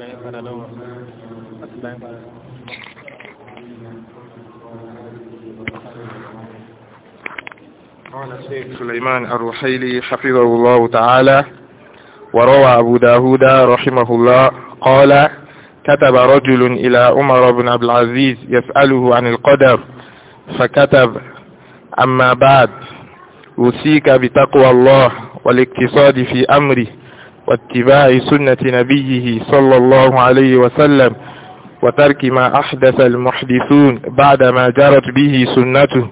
قال الشيخ سليمان الرحيلي حفظه الله تعالى وروى أبو داود رحمه الله قال كتب رجل إلى عمر بن عبد العزيز يسأله عن القدر فكتب أما بعد أوصيك بتقوى الله والاقتصاد في أمره واتباع سنة نبيه صلى الله عليه وسلم وترك ما أحدث المحدثون بعدما جرت به سنته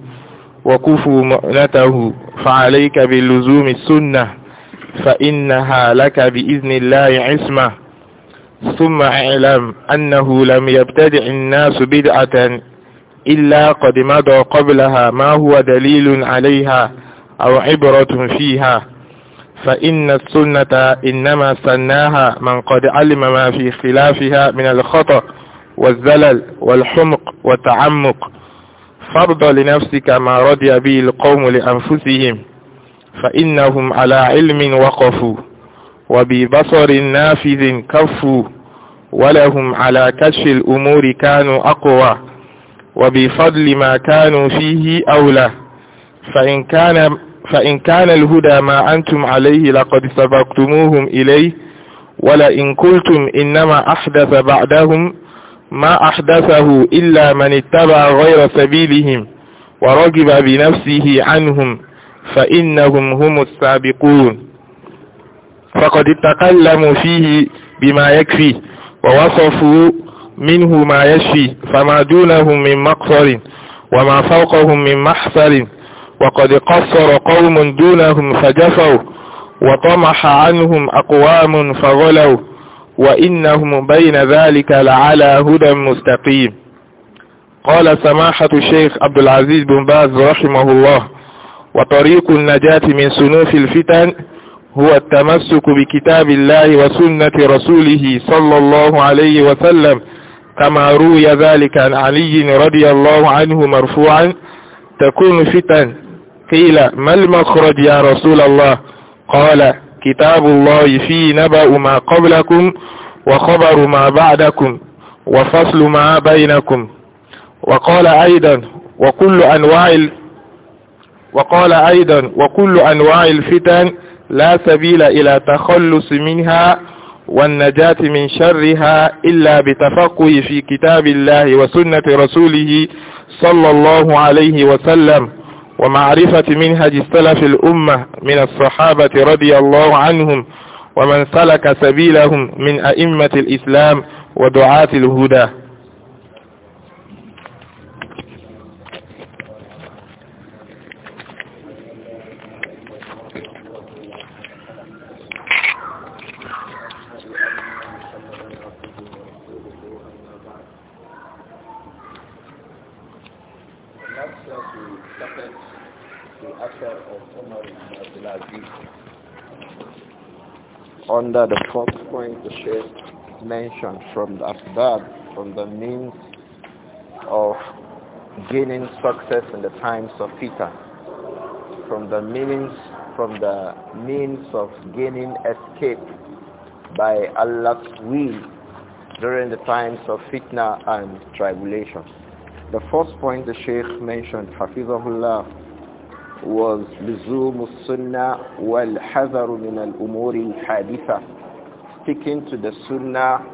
وكفوا مؤنته فعليك باللزوم السنة فإنها لك بإذن الله عصمة ثم اعلم أنه لم يبتدع الناس بدعة إلا قد مضى قبلها ما هو دليل عليها أو عبرة فيها فإن السنة إنما سناها من قد علم ما في خلافها من الخطأ والزلل والحمق والتعمق فارض لنفسك ما رضي به القوم لأنفسهم فإنهم على علم وقفوا وببصر نافذ كفوا ولهم على كشف الأمور كانوا أقوى وبفضل ما كانوا فيه أولى فإن كان فإن كان الهدى ما أنتم عليه لقد سبقتموهم إليه ولئن قلتم إنما أحدث بعدهم ما أحدثه إلا من اتبع غير سبيلهم ورغب بنفسه عنهم فإنهم هم السابقون فقد تكلموا فيه بما يكفي ووصفوا منه ما يشفي فما دونهم من مقصر وما فوقهم من محصر وقد قصر قوم دونهم فجفوا وطمح عنهم أقوام فغلوا وإنهم بين ذلك لعلى هدى مستقيم قال سماحة الشيخ عبد العزيز بن باز رحمه الله وطريق النجاة من سنوف الفتن هو التمسك بكتاب الله وسنة رسوله صلى الله عليه وسلم كما روي ذلك عن علي رضي الله عنه مرفوعا تكون فتن قيل ما المخرج يا رسول الله قال كتاب الله فيه نبأ ما قبلكم وخبر ما بعدكم وفصل ما بينكم وقال أيضا وكل أنواع وقال أيضا وكل أنواع الفتن لا سبيل إلى تخلص منها والنجاة من شرها إلا بتفقه في كتاب الله وسنة رسوله صلى الله عليه وسلم ومعرفة منهج السلف الأمة من الصحابة رضي الله عنهم ومن سلك سبيلهم من أئمة الإسلام ودعاة الهدى mentioned from the from the means of gaining success in the times of fitna, from the means from the means of gaining escape by Allah's will during the times of fitna and tribulation. The first point the Sheikh mentioned, Hafizahullah, was لزوم السنة والحذر من الأمور الحادثة speaking to the sunnah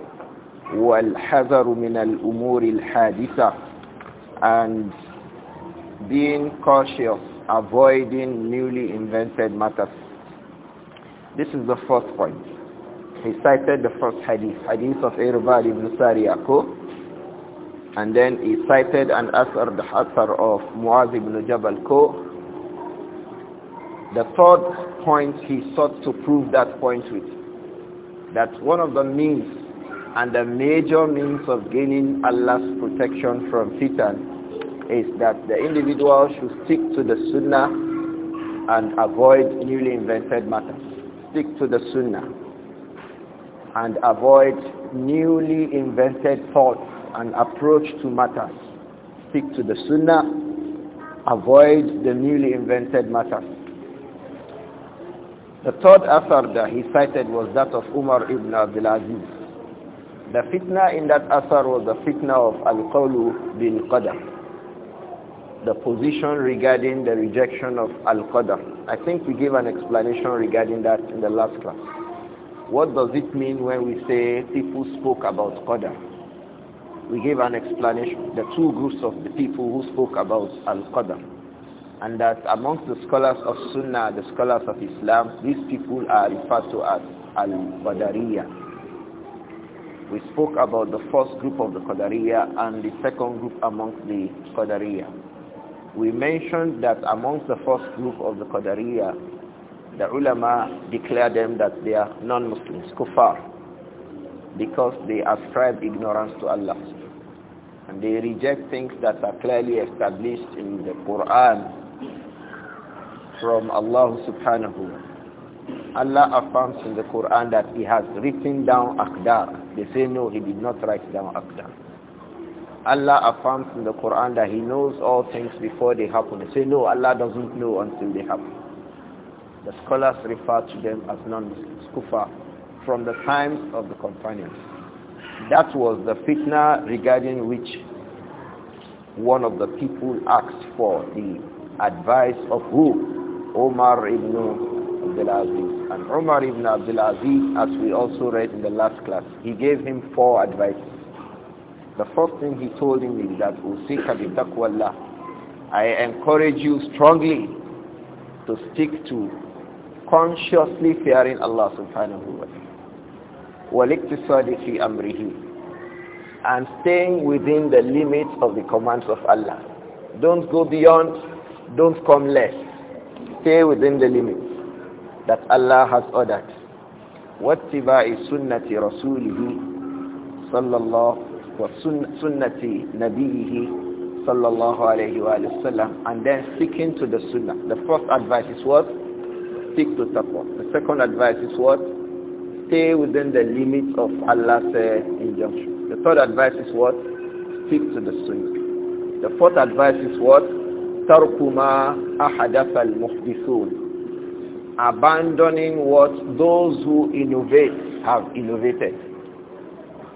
والحذر من الأمور haditha and being cautious avoiding newly invented matters this is the first point he cited the first hadith hadith of Irbad ibn Sariyako and then he cited an asar the Hadith of Muaz ibn Jabal Ko the third point he sought to prove that point with that one of the means and the major means of gaining Allah's protection from fitan is that the individual should stick to the sunnah and avoid newly invented matters. Stick to the sunnah and avoid newly invented thoughts and approach to matters. Stick to the sunnah, avoid the newly invented matters. The third asar that he cited was that of Umar ibn Abdul Aziz. The fitna in that asar was the fitna of Al-Qawlu bin Qada. The position regarding the rejection of al Qada. I think we gave an explanation regarding that in the last class. What does it mean when we say people spoke about Qada? We gave an explanation, the two groups of the people who spoke about al Qada and that amongst the scholars of Sunnah, the scholars of Islam, these people are referred to as Al-Qadariya. We spoke about the first group of the Qadariya and the second group amongst the Qadariya. We mentioned that amongst the first group of the Qadariya, the ulama declare them that they are non-Muslims, kuffar, because they ascribe ignorance to Allah and they reject things that are clearly established in the Quran from Allah subhanahu. Allah affirms in the Quran that he has written down Aqdar. They say no, he did not write down Aqdar. Allah affirms in the Quran that he knows all things before they happen. They say no, Allah doesn't know until they happen. The scholars refer to them as non-Muslims, from the times of the companions. That was the fitna regarding which one of the people asked for the advice of who? Omar ibn Abdul Aziz. And Omar ibn Abdul Aziz, as we also read in the last class, he gave him four advices. The first thing he told him is that Usika bi I encourage you strongly to stick to consciously fearing Allah subhanahu wa ta'ala. والاقتصاد في أمره and staying within the limits of the commands of Allah. Don't go beyond, don't come less stay within the limits that Allah has ordered. وَاتِّبَاعِ Sunnati رَسُولِهِ sallallahu الله Sunnati نبيه sallallahu alayhi wa sallam and then sticking to the sunnah. The first advice is what? Stick to taqwa. The second advice is what? Stay within the limits of Allah's eh, injunction. The third advice is what? Stick to the sunnah. The fourth advice is what? tarku ma ahadatha al-muhdithun abandoning what those who innovate have innovated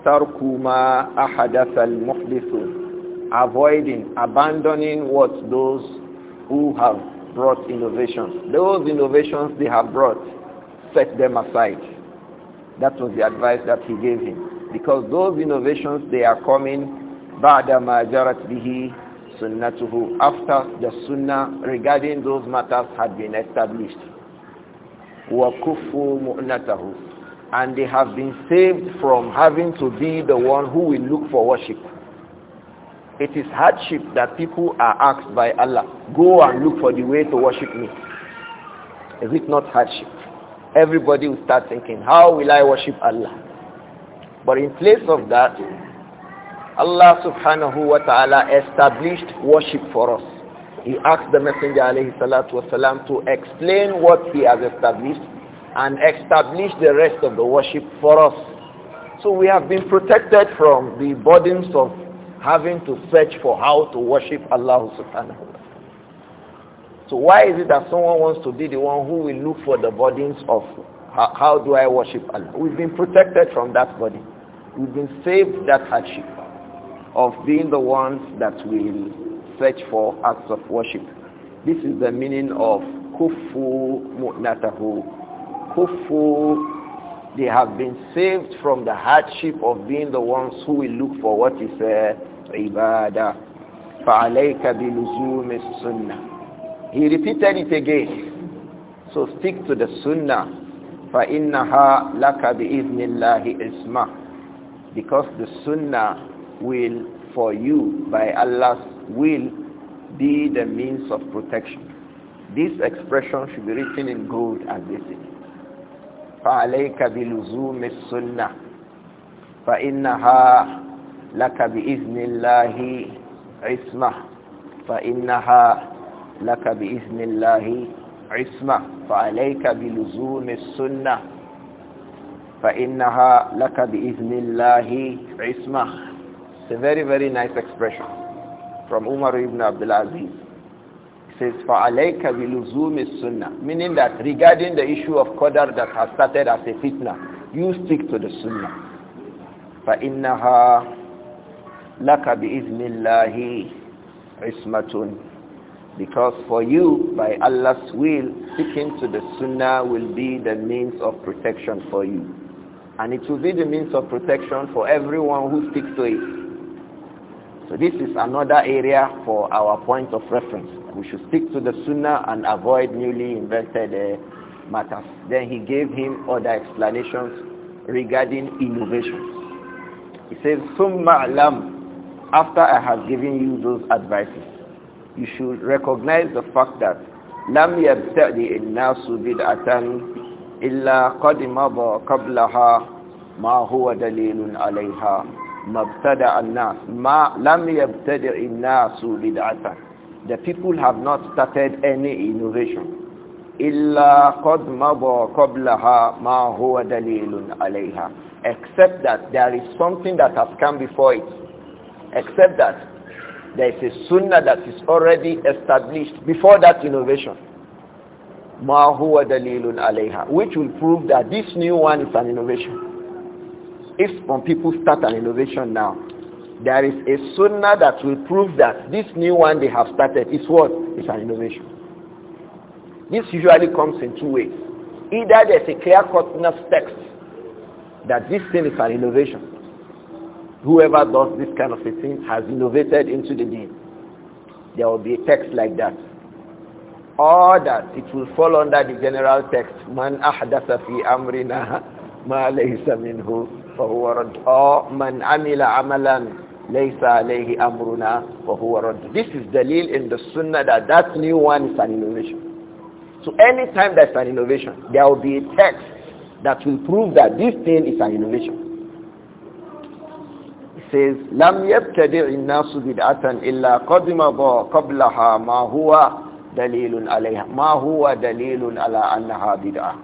tarku ma ahadatha al-muhdithun avoiding abandoning what those who have brought innovations those innovations they have brought set them aside that was the advice that he gave him because those innovations they are coming بعد ما جرت sunnatuhu after the sunnah regarding those matters had been established kufu mu'natahu and they have been saved from having to be the one who will look for worship it is hardship that people are asked by Allah go and look for the way to worship me is it not hardship everybody will start thinking how will I worship Allah but in place of that Allah subhanahu wa ta'ala established worship for us. He asked the Messenger alayhi salatu wasalam to explain what he has established and establish the rest of the worship for us. So we have been protected from the burdens of having to search for how to worship Allah subhanahu wa ta'ala. So why is it that someone wants to be the one who will look for the burdens of how, how do I worship Allah? We've been protected from that burden. We've been saved that hardship of being the ones that will search for acts of worship. This is the meaning of kufu mu'natahu. Kufu, they have been saved from the hardship of being the ones who will look for what is uh, ibadah. فَعَلَيْكَ بِلُزُومِ السُنَّةِ He repeated it again. So stick to the sunnah. فَإِنَّهَا لَكَ بِإِذْنِ اللَّهِ إِسْمَةِ Because the sunnah will for you by Allah's will be the means of protection. This expression should be written in gold and basic. فَعَلَيْكَ بِلُزُومِ السُّنَّةِ فَإِنَّهَا لَكَ بِإِذْنِ اللَّهِ عِصْمَةِ فَإِنَّهَا لَكَ بِإِذْنِ اللَّهِ عِصْمَةِ فَعَلَيْكَ بِلُزُومِ السُّنَّةِ فَإِنَّهَا لَكَ بِإِذْنِ اللَّهِ عِصْمَةِ it's a very, very nice expression from Umar ibn Abdul Aziz. It says, فَعَلَيْكَ بِلُزُومِ السُنَّةِ Meaning that regarding the issue of qadar that has started as a fitna, you stick to the sunnah. فَإِنَّهَا لَكَ بِإِذْنِ اللَّهِ عِصْمَةٌ because for you by Allah's will sticking to the sunnah will be the means of protection for you and it will be the means of protection for everyone who sticks to it so this is another area for our point of reference. We should stick to the sunnah and avoid newly invented uh, matters. Then he gave him other explanations regarding innovations. He says, Summa alam, after I have given you those advices, you should recognize the fact that لم يبتدئ الناس بدعة إلا قد مضى قبلها ما هو دليل عليها ما ابتدع الناس ما لم يبتدع الناس بدعة the people have not started any innovation إلا قد مضى قبلها ما هو دليل عليها except that there is something that has come before it except that there is a sunnah that is already established before that innovation ما هو دليل عليها which will prove that this new one is an innovation if some people start an innovation now, there is a sunnah that will prove that this new one they have started is what? It's an innovation. This usually comes in two ways. Either there's a clear-cut text that this thing is an innovation. Whoever does this kind of a thing has innovated into the deen. There will be a text like that. Or that it will fall under the general text, Man ahdasa fi amrina ma minhu فهو رد or من عمل عملا ليس عليه أمرنا فهو رد this is دليل in the sunnah that that new one is an innovation so anytime there's an innovation there will be a text that will prove that this thing is an innovation says لم يبتدع الناس بدعة إلا قدم قبلها ما هو دليل عليها ما هو دليل على أنها بدعة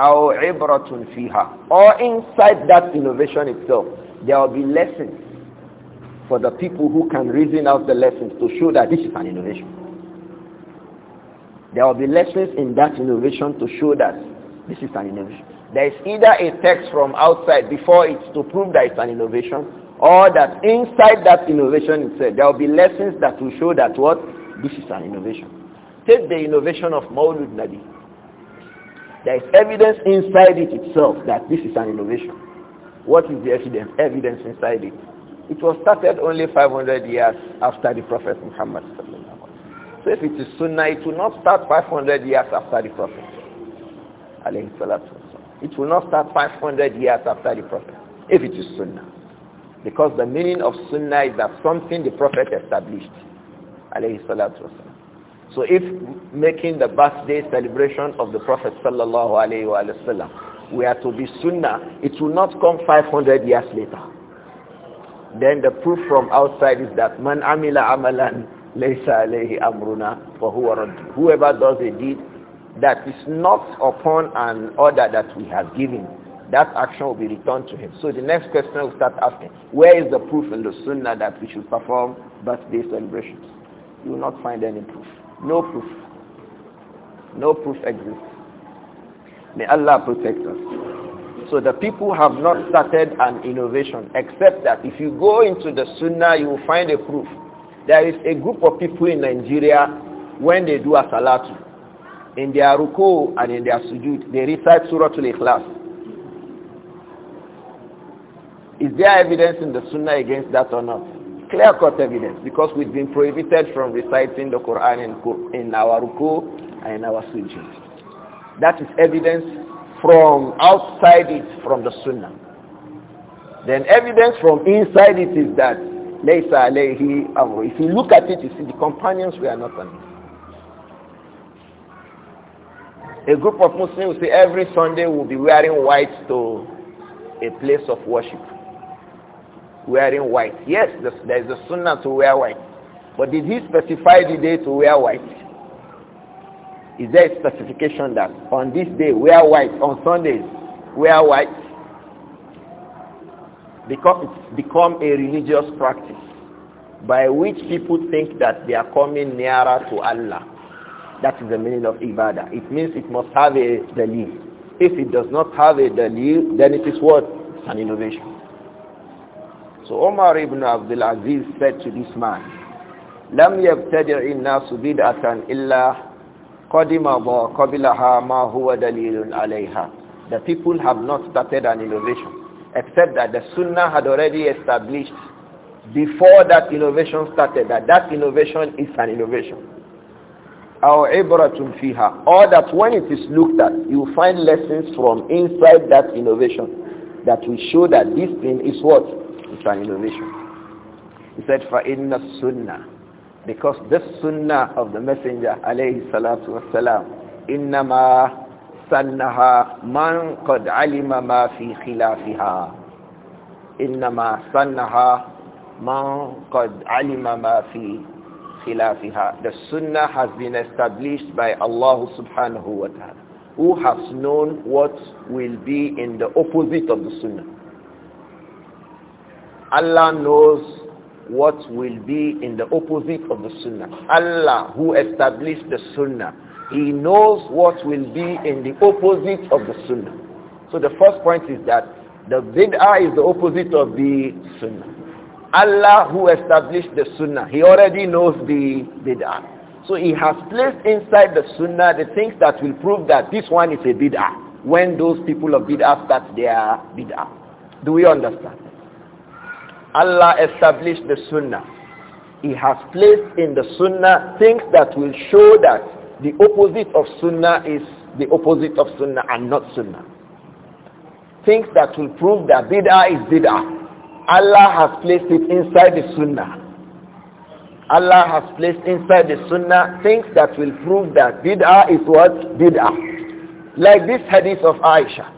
أو عبرة فيها or inside that innovation itself there will be lessons for the people who can reason out the lessons to show that this is an innovation there will be lessons in that innovation to show that this is an innovation there is either a text from outside before it's to prove that it's an innovation or that inside that innovation itself there will be lessons that will show that what this is an innovation take the innovation of Maulud Nabi there is evidence inside it itself that this is an innovation. What is the evidence? Evidence inside it. It was started only 500 years after the Prophet Muhammad. So if it is Sunnah, it will not start 500 years after the Prophet. It will not start 500 years after the Prophet, if it is Sunnah. Because the meaning of Sunnah is that something the Prophet established. So if making the birthday celebration of the Prophet sallallahu alaihi wasallam are to be sunnah, it will not come 500 years later. Then the proof from outside is that man amila amalan laysa alayhi amruna fahuwa Whoever does a deed that is not upon an order that we have given, that action will be returned to him. So the next question will start asking, where is the proof in the sunnah that we should perform birthday celebrations? You will not find any proof. No proof. No proof exists. May Allah protect us. So the people have not started an innovation except that if you go into the sunnah you will find a proof. There is a group of people in Nigeria when they do a salatu. In their ruku and in their sujud, they recite Surah Al-Ikhlas. Is there evidence in the sunnah against that or not? Clear-cut evidence because we've been prohibited from reciting the Quran in, in our ruku and in our sujood. That is evidence from outside it, from the sunnah. Then evidence from inside it is that Laysa alayhi amru. If you look at it, you see the companions were not on A group of Muslims will say every Sunday we will be wearing white to a place of worship wearing white. Yes, there is a sunnah to wear white. But did he specify the day to wear white? Is there a specification that on this day wear white, on Sundays wear white? Because it's become a religious practice by which people think that they are coming nearer to Allah. That is the meaning of ibadah. It means it must have a dalil. If it does not have a dalil, then it is what? It's an innovation. So Omar ibn Abdul Aziz said to this man, لم يبتدع الناس بدعة إلا قدم قبلها ما هو دليل عليها. The people have not started an innovation except that the Sunnah had already established before that innovation started that that innovation is an innovation. Our fiha, or that when it is looked at, you find lessons from inside that innovation that will show that this thing is what it's an innovation. He said, inna sunnah, Because this sunnah of the Messenger, alayhi salatu wasalam, إِنَّمَا سَنَّهَا sunnah قَدْ عَلِمَ fi فِي Inna إِنَّمَا سَنَّهَا man قَدْ عَلِمَ مَا فِي The sunnah has been established by Allah subhanahu wa ta'ala who has known what will be in the opposite of the sunnah. Allah knows what will be in the opposite of the sunnah. Allah who established the sunnah, he knows what will be in the opposite of the sunnah. So the first point is that the bid'ah is the opposite of the sunnah. Allah who established the sunnah, he already knows the bid'ah. So he has placed inside the sunnah the things that will prove that this one is a bid'ah when those people of bid'ah start their bid'ah. Do we understand? Allah established the sunnah. He has placed in the sunnah things that will show that the opposite of sunnah is the opposite of sunnah and not sunnah. Things that will prove that bid'ah is bid'ah. Allah has placed it inside the sunnah. Allah has placed inside the sunnah things that will prove that bid'ah is what? Bid'ah. Like this hadith of Aisha.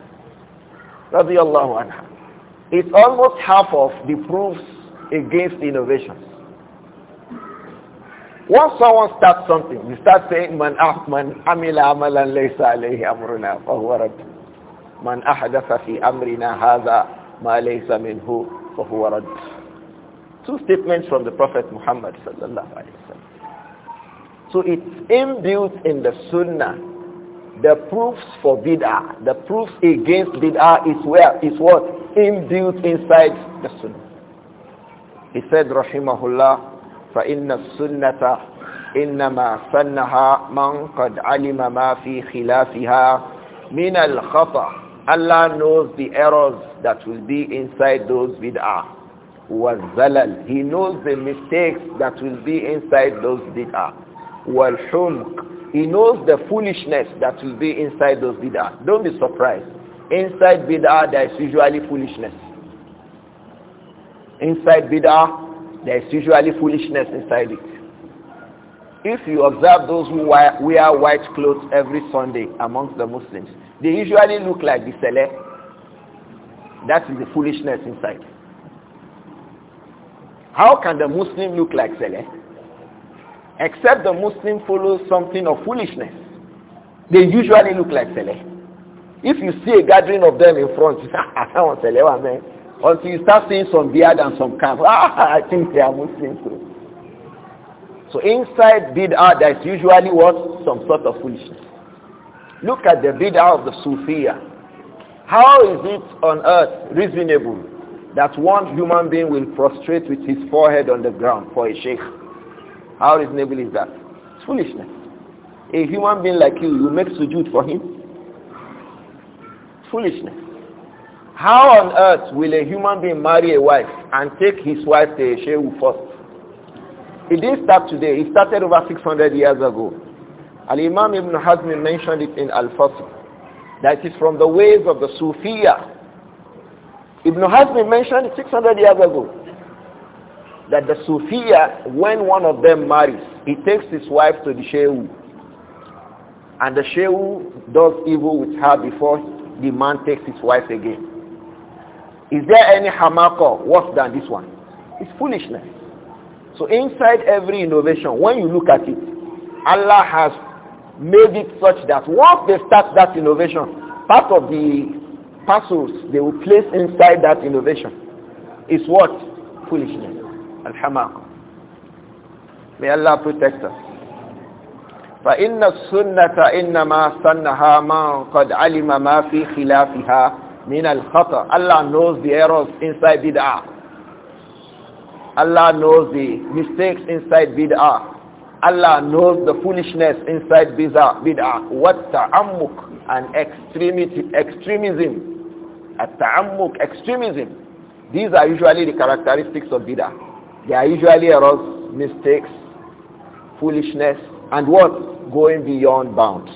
Radiallahu anha. It's almost half of the proofs against innovation. Once someone starts something, you start saying, Man ahman amila amalan laysa alayhi amruna fahuwa rad. Man ahadatha fi amrina haza ma laysa minhu fahuwa rad. Two statements from the Prophet Muhammad sallallahu alayhi wa So it's inbuilt in the sunnah the proofs for bid'ah, the proofs against bid'ah is where is what inbuilt inside the sunnah. He said, rahimahullah, فَإِنَّ السُنَّةَ إِنَّمَا سَنَّهَا مَنْ قَدْ عَلِمَ مَا فِي خِلَافِهَا مِنَ الْخَطَأِ Allah knows the errors that will be inside those bid'ah. وَالزَّلَلِ He knows the mistakes that will be inside those bid'ah. وَالْحُمْقِ he knows the foolishness that will be inside those bid'ah. Don't be surprised. Inside bid'ah, there is usually foolishness. Inside bid'ah, there is usually foolishness inside it. If you observe those who wear, white clothes every Sunday amongst the Muslims, they usually look like the seller. That is the foolishness inside. How can the Muslim look like seller? except the Muslim follows something of foolishness. They usually look like Saleh. If you see a gathering of them in front, you say, ah, I don't want man. Until you start seeing some beard and some calf, ah, I think they are Muslims too. So inside bid'ah, there is usually what? Some sort of foolishness. Look at the bid'ah of the Sufiya. How is it on earth reasonable that one human being will prostrate with his forehead on the ground for a sheikh? How reasonable is that? It's foolishness. A human being like you, you make sujood for him? Foolishness. How on earth will a human being marry a wife and take his wife to a shehu first? It didn't start today. It started over 600 years ago. Al-Imam Ibn Hazm mentioned it in Al-Fasl. That is from the ways of the Sufiya. Ibn Hazm mentioned it 600 years ago that the Sufiya, when one of them marries, he takes his wife to the Shehu. And the Shehu does evil with her before the man takes his wife again. Is there any hamakah worse than this one? It's foolishness. So inside every innovation, when you look at it, Allah has made it such that once they start that innovation, part of the parcels they will place inside that innovation is what? Foolishness. الحماقة may Allah protect us فإن السنة إنما سنها من قد علم ما في خلافها من الخطأ Allah knows the errors inside bid'ah Allah knows the mistakes inside bid'ah Allah knows the foolishness inside bid'ah what ta'ammuk and extremity extremism at ta'ammuk extremism these are usually the characteristics of bid'ah there are usually errors, mistakes, foolishness, and what? Going beyond bounds.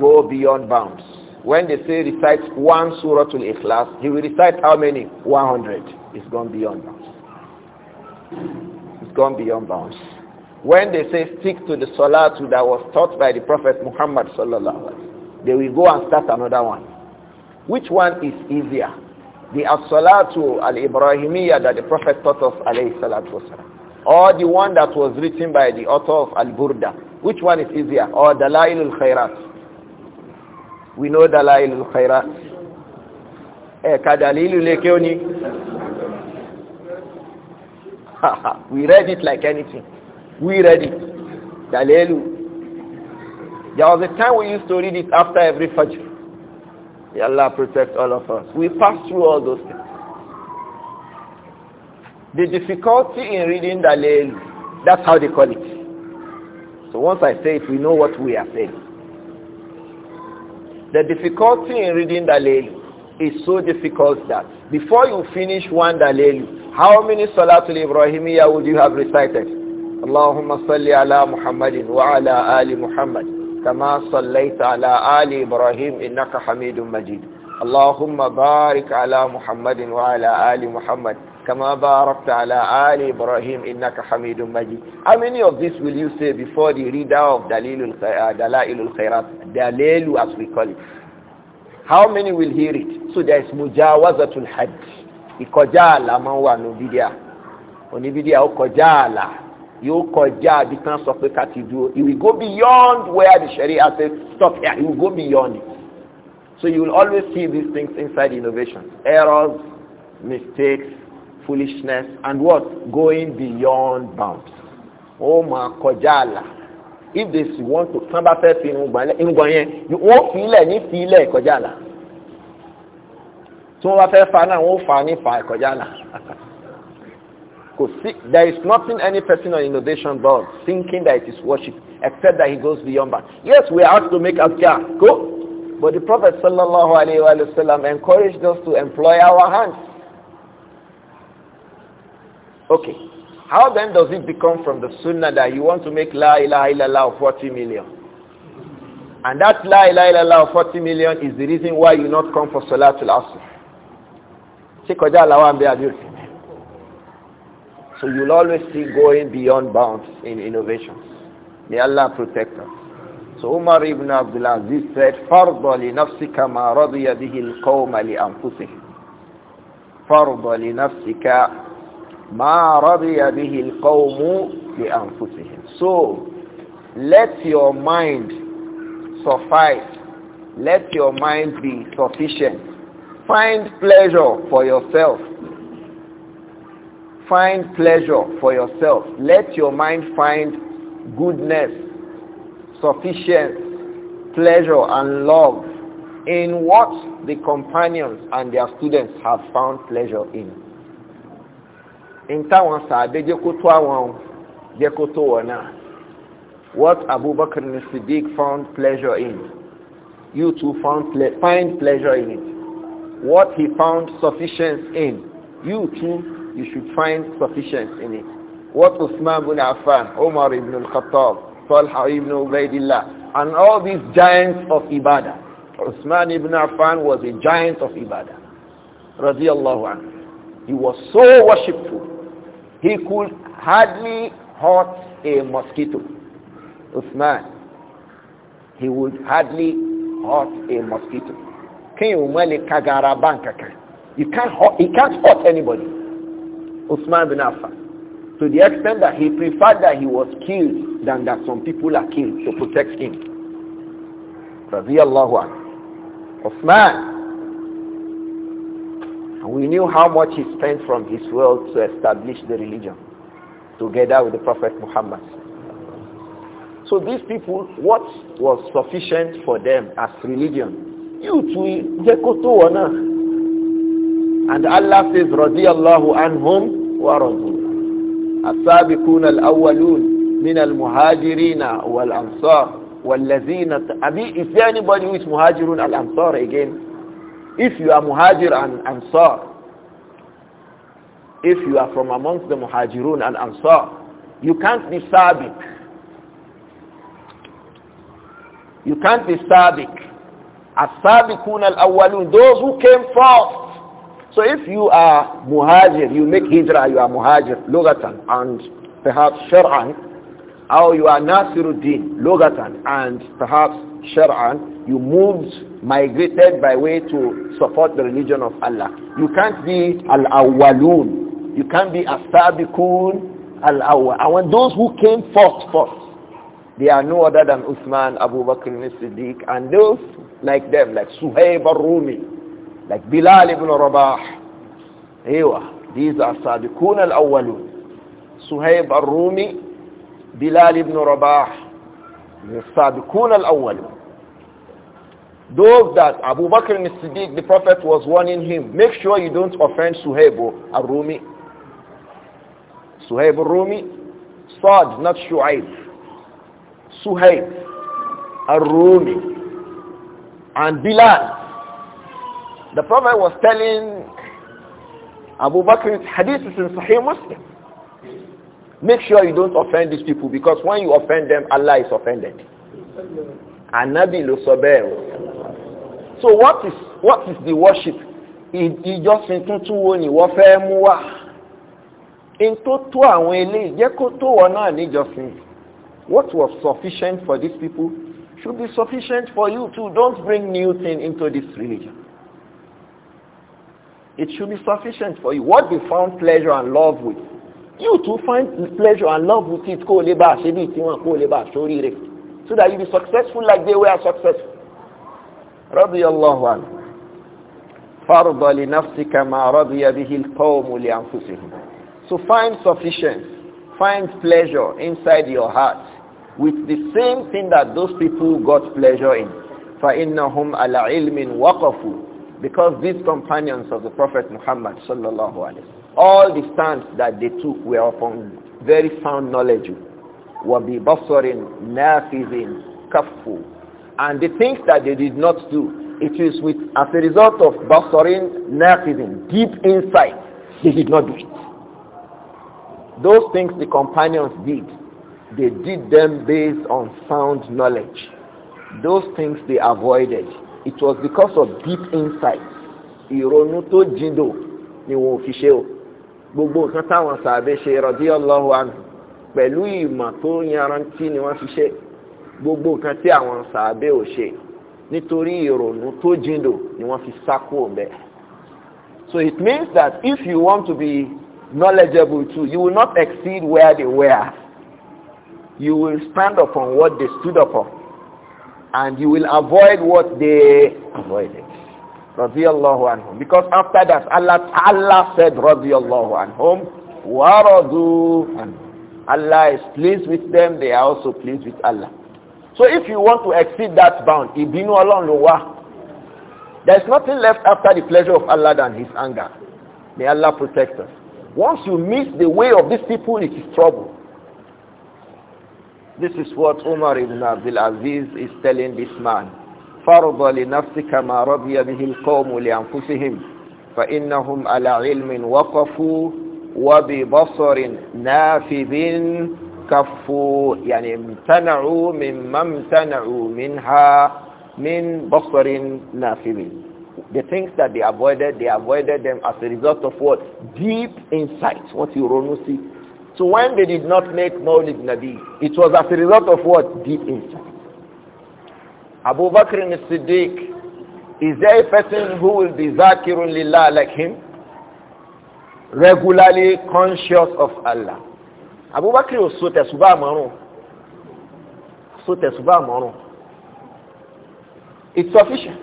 Go beyond bounds. When they say recite one surah to Ikhlas, he will recite how many? 100. It's gone beyond bounds. It's gone beyond bounds. When they say stick to the salah that was taught by the Prophet Muhammad sallallahu alaihi wasallam, they will go and start another one. Which one is easier? The As-Salatu al-Ibrahimiyya that the Prophet taught us alayhi salatu wasalam. Or the one that was written by the author of Al-Burda. Which one is easier? Or Dalail al-Khairat. We know Dalail al-Khairat. Eh, kadalilu lekeoni. we read it like anything. We read it. Dalilu. There was a time we used to read it after every Fajr. May Allah protect all of us. We pass through all those things. The difficulty in reading Dalil, that's how they call it. So once I say it, we know what we are saying. The difficulty in reading Dalil is so difficult that before you finish one Dalil, how many Salatul Ibrahimiyya would you have recited? Allahumma salli ala Muhammadin wa ala ali Muhammad. كما صليت على آل إبراهيم إنك حميد مجيد اللهم بارك على محمد وعلى آل محمد كما باركت على آل إبراهيم إنك حميد مجيد How many of this will you say before the reader of دليل Dalail الخيرات khairat as we call it How many will hear it So there is mujawazatul hajj Ìkọjá àlà máa ń wà ní yóò kọjá àbí tán sọ pé ká ti dúró he will go beyond where the sharia say stop here he will go beyond it so you will always see these things inside innovation errors mistakes foolishness and what going beyond bounds Oh my kọjá àlà if they want to tán bá fẹ́ fi irungbọ̀n yẹn wọ́n fi ilẹ̀ ní fi ilẹ̀ kọjá àlà tí wọ́n bá fẹ́ fa náà wọ́n fa ní fa kọjá àlà. There is nothing any person or innovation does thinking that it is worship, except that he goes beyond that. Yes, we are asked to make azkar. Go. But the Prophet sallallahu alayhi wa sallam encouraged us to employ our hands. Okay. How then does it become from the sunnah that you want to make la ilaha illallah 40 million? And that la ilaha illallah 40 million is the reason why you not come for salatul asr. Ṣé kọjá àlàwà bẹ so you'll always see going beyond bounds in innovations. May Allah protect us. So Umar ibn Abdul Aziz said, فَرْضَ لِنَفْسِكَ مَا رَضِيَ بِهِ الْقَوْمَ لِأَنفُسِهِ فَرْضَ لِنَفْسِكَ مَا رَضِيَ بِهِ الْقَوْمُ لِأَنفُسِهِمْ So, let your mind suffice. Let your mind be sufficient. Find pleasure for yourself find pleasure for yourself. Let your mind find goodness, sufficiency, pleasure and love in what the companions and their students have found pleasure in. In Taiwan, they jẹ́ tó àwọn jẹ́ kó tó What Abu Bakr al-Siddiq found pleasure in, you too found ple find pleasure in it. What he found sufficiency in, you too you should find sufficient in it. What Uthman ibn Affan, Omar ibn al-Khattab, Talha ibn Ubaidillah, and all these giants of Ibadah. Uthman ibn Affan was a giant of Ibadah. Radiallahu anhu. He was so worshipful. He could hardly hurt a mosquito. Uthman. He would hardly hurt a mosquito. Can you Kagara Bankaka? You can't hurt, he can't hurt anybody. Usman bin Affan to the extent that he preferred that he was killed than that some people are killed to protect him. Radiallahu anhu. Usman. We knew how much he spent from his wealth to establish the religion together with the Prophet Muhammad. So these people, what was sufficient for them as religion? You too, Jekoto And Allah says, radiallahu anhum, ورضوا السابقون الأولون من المهاجرين والأنصار والذين I mean if anybody who is again if you are muhajir and ansar if you are from amongst the muhajirun and ansar you can't be sabiq you can't be sabiq as-sabiqun al-awwalun those who came first So if you are muhajir, you make hijrah, you are muhajir, logatan, and perhaps shar'an, or you are nasiruddin, logatan, and perhaps shar'an, you moved, migrated by way to support the religion of Allah. You can't be al-awwalun. You can't be as-sabiqun al-awwal. And those who came first, first, they are no other than Uthman, Abu Bakr, and Siddiq, and those like them, like Suhaib al-Rumi, like Bilal ibn Rabah Ewa these are Sadiqoon al-awwalun Suhaib al-Rumi Bilal ibn Rabah Sadiqoon al-awwalun those that Abu Bakr as-Siddiq the prophet was warning him make sure you don't offend Suhaib al-Rumi Suhaib al-Rumi Sad not Shu'aib Suhaib al-Rumi and Bilal The Prophet was telling Abu Bakr, hadith is in Sahih Muslim. Make sure you don't offend these people because when you offend them, Allah is offended. Anabi lo So what is what is the worship? Ìjọsìn tuntun wo ni wọ́n fẹ́ mú wá? In to tó àwọn eléyìí, jẹ́ kó tó wọn náà níjọsìn. What was sufficient for these people should be sufficient for you too. Don't bring new thing into this religion. It should be sufficient for you. What you found pleasure and love with, you too find pleasure and love with it. So that you be successful like they were successful. رضي الله فرض لنفسك ما رضي به القوم لأنفسهم So find sufficient, find pleasure inside your heart with the same thing that those people got pleasure in. فإنهم على علم وقفوا because these companions of the Prophet Muhammad sallallahu alayhi all the stands that they took were upon very sound knowledge. basarin, نَافِذٍ kafu, And the things that they did not do, it is with, as a result of basarin, nafizin, deep insight, they did not do it. Those things the companions did, they did them based on sound knowledge. Those things they avoided, it was because of deep insight ìrònú tó jindo ni wọn ò fi ṣe o gbogbo nǹkan táwọn sàbẹ̀ ṣe radiyallahu anhu pẹ̀lú ìmọ̀ tó yanrantí ni wọ́n fi ṣe gbogbo nǹkan tí àwọn sàbẹ̀ ò ṣe nítorí ìrònú tó jìndò ni wọ́n fi sákò ọ̀bẹ. so it means that if you want to be knowledgeable too you will not exceed where they were you will stand upon what they stood upon. and you will avoid what they avoided. Radiallahu anhum. Because after that, Allah, said, Radiallahu anhum, waradu anhum. Allah is pleased with them, they are also pleased with Allah. So if you want to exceed that bound, ibinu Allah wa. There's nothing left after the pleasure of Allah than his anger. May Allah protect us. Once you miss the way of these people, it is trouble. This is what Umar ibn Abdul Aziz is telling this man. فرض لنفسك ما رضي به القوم لأنفسهم فإنهم على علم وقفوا وببصر نافذ كفوا يعني امتنعوا مما امتنعوا منها من بصر نافذ The things that they avoided, they avoided them as a result of what? Deep insight, what you see So when they did not make Maulid Nabi, it was as a result of what? Deep insight. Abu Bakr al-Siddiq, is there a person who will be zakirun lillah like him? Regularly conscious of Allah. Abu Bakr was so tesuba So tesuba It's sufficient.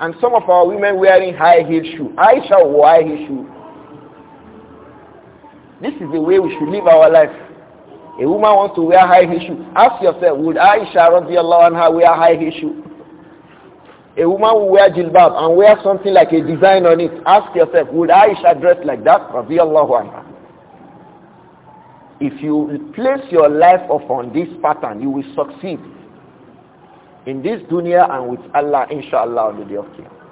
And some of our women wearing high heel shoe. Aisha wore high heel shoe this is the way we should live our life. A woman wants to wear high heel shoe. Ask yourself, would Aisha radiallahu anha wear high heel shoe? A woman will wear jilbab and wear something like a design on it. Ask yourself, would Aisha dress like that? Radiallahu anha. If you place your life upon this pattern, you will succeed in this dunya and with Allah, inshallah, on the day of Qiyamah.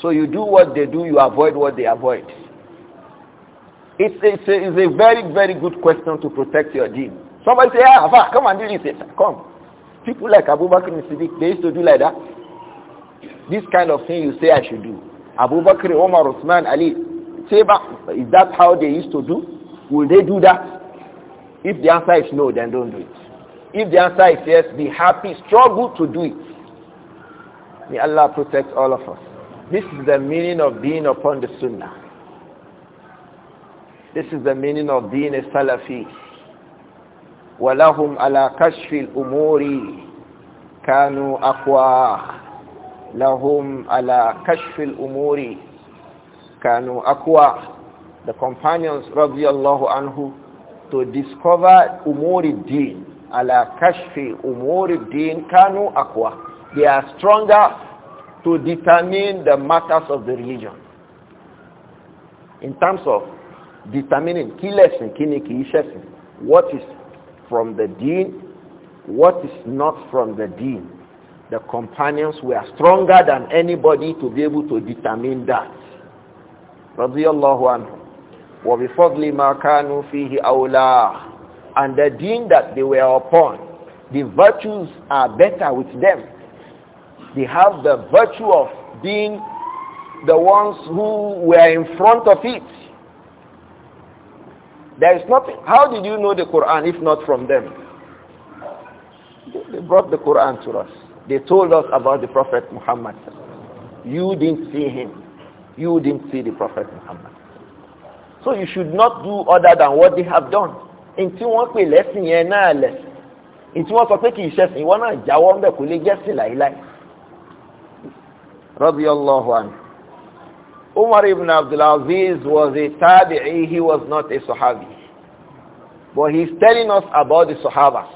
So you do what they do, you avoid what they avoid. It's, it's, a, it's a very, very good question to protect your deen. Somebody say, ah, come and do this. Come. People like Abu Bakr and Siddiq, they used to do like that. This kind of thing you say I should do. Abu Bakr, Omar, Osman, Ali, Seba, is that how they used to do? Will they do that? If the answer is no, then don't do it. If the answer is yes, be happy, struggle to do it. May Allah protect all of us. This is the meaning of being upon the sunnah. This is the meaning of Deen Salafi. وَلَهُمْ عَلَى كَشْفِ الْأُمُورِ كَانُوا أَقْوَى لَهُمْ عَلَى كَشْفِ الْأُمُورِ كَانُوا أَقْوَى The companions, اللَّهُ anhu, to discover umuri din ala kashfi umuri din كَانُوا akwa they are stronger to determine the matters of the religion in terms of determining kí and killing, ni kì what is from the deen what is not from the deen the companions were stronger than anybody to be able to determine that radiyallahu anhu ma kanu fihi and the deen that they were upon the virtues are better with them they have the virtue of being the ones who were in front of it there is nothing. How did you know the Quran if not from them? They brought the Quran to us. They told us about the Prophet Muhammad. You didn't see him. You didn't see the Prophet Muhammad. So you should not do other than what they have done. pè yẹn lẹ̀. sọ pé kì jáwọ́ kó lè jẹ́sìn anhu. Umar ibn Abdul Aziz was a tabi'i, he was not a sahabi. But he's telling us about the sahaba,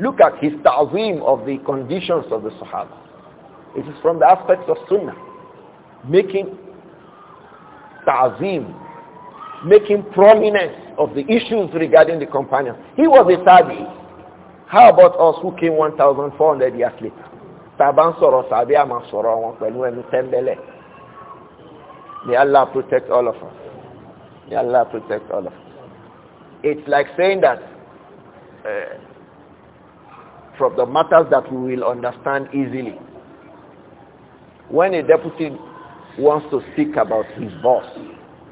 Look at his ta'zim of the conditions of the sahaba. It is from the aspects of sunnah. Making ta'zim, making prominence of the issues regarding the companions. He was a tabi. How about us who came 1,400 years later? Taban sọ̀rọ̀ sọ̀rọ̀ May Allah protect all of us. May Allah protect all of us. It's like saying that uh, from the matters that we will understand easily. When a deputy wants to speak about his boss,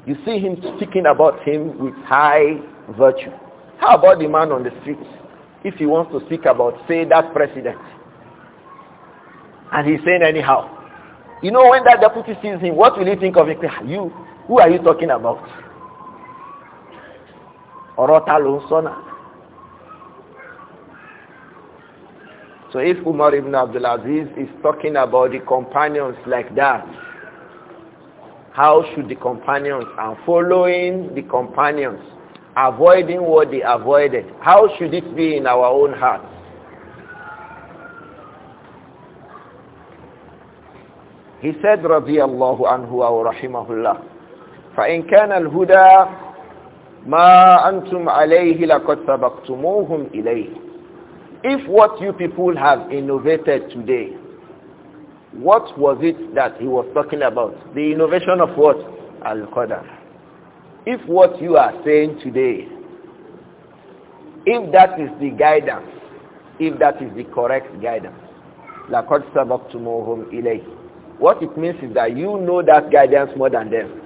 you see him speaking about him with high virtue. How about the man on the street? If he wants to speak about, say, that president, and he's saying anyhow, you know, when that deputy sees him, what will he think of him? You, who are you talking about? So if Umar ibn Abdul Aziz is talking about the companions like that, how should the companions and following the companions, avoiding what they avoided, how should it be in our own hearts? He said radiyallahu anhu wa rahimahullah فإن كان الهدى ما أنتم عليه لقد سبقتموهم إليه If what you people have innovated today, what was it that he was talking about? The innovation of what? al qadar If what you are saying today, if that is the guidance, if that is the correct guidance, لَقَدْ سَبَقْتُمُوهُمْ إِلَيْهِ what it means is that you know that guidance more than them.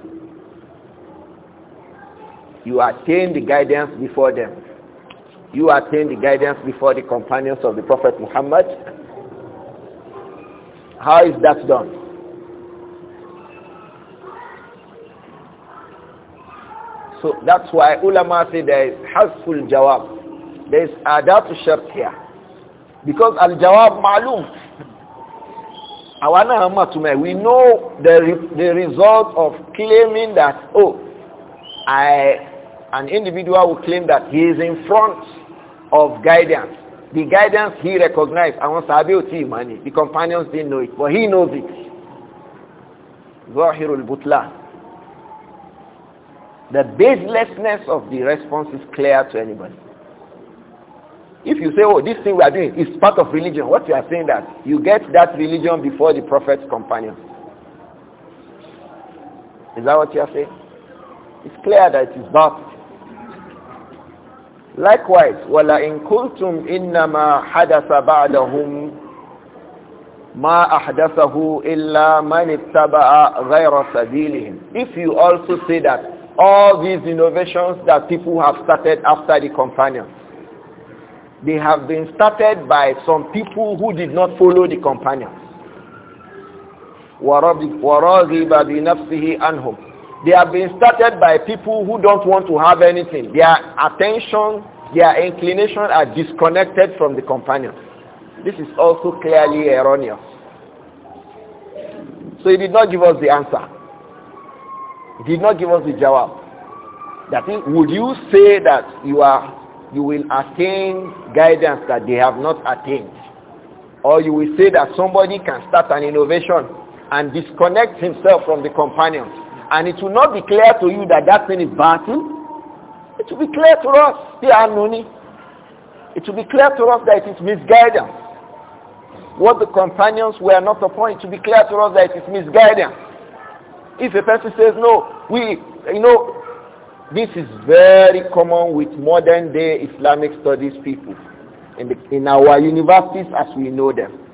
You attain the guidance before them. You attain the guidance before the companions of the Prophet Muhammad. How is that done? So that's why ulama say there is hasful jawab. There is adat shart here. Because al-jawab ma'lum. Our Nahamatume, we know the, re the result of claiming that, oh, I, an individual will claim that he is in front of guidance. The guidance he recognized, I want to have Sabi money. The companions didn't know it, but he knows it. Zahirul Butla. The baselessness of the response is clear to anybody. If you say, oh, this thing we are doing is part of religion, what you are saying that you get that religion before the prophet's companion. Is that what you are saying? It's clear that it is not. Likewise, wala in kuntum innama hadasa ba'dahum ma ahdathahu illa man ittaba'a ghayra sabilihim. If you also say that all these innovations that people have started after the companions they have been started by some people who did not follow the companions. They have been started by people who don't want to have anything. Their attention, their inclination are disconnected from the companions. This is also clearly erroneous. So he did not give us the answer. He did not give us the jawab. That is, would you say that you are you will attain guidance that they have not attained. Or you will say that somebody can start an innovation and disconnect himself from the companions. And it will not be clear to you that that thing is bad. It will be clear to us, they are It will be clear to us that it is misguidance. What the companions were not upon, it will be clear to us that it is misguidance. If a person says, no, we, you know, this is very common with modern day Islamic studies people in, the, in our universities as we know them.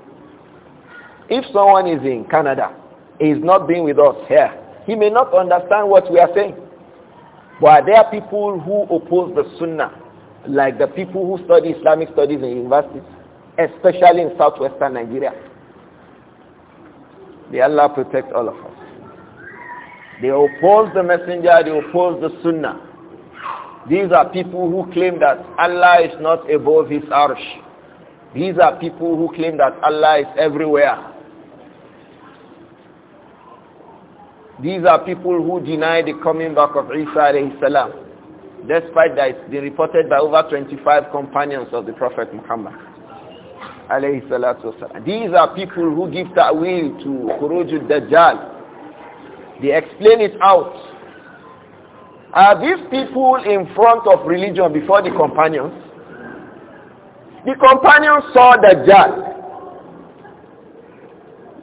If someone is in Canada, he is not being with us here, he may not understand what we are saying. But there are people who oppose the Sunnah, like the people who study Islamic studies in universities, especially in southwestern Nigeria? May Allah protect all of us. They oppose the messenger, they oppose the sunnah. These are people who claim that Allah is not above his arsh. These are people who claim that Allah is everywhere. These are people who deny the coming back of Isa alayhi salam. Despite that it's been reported by over 25 companions of the Prophet Muhammad alayhi salatu These are people who give ta'wil to Khurujul Dajjal they explain it out. Are these people in front of religion before the companions? The companions saw the Dajjal.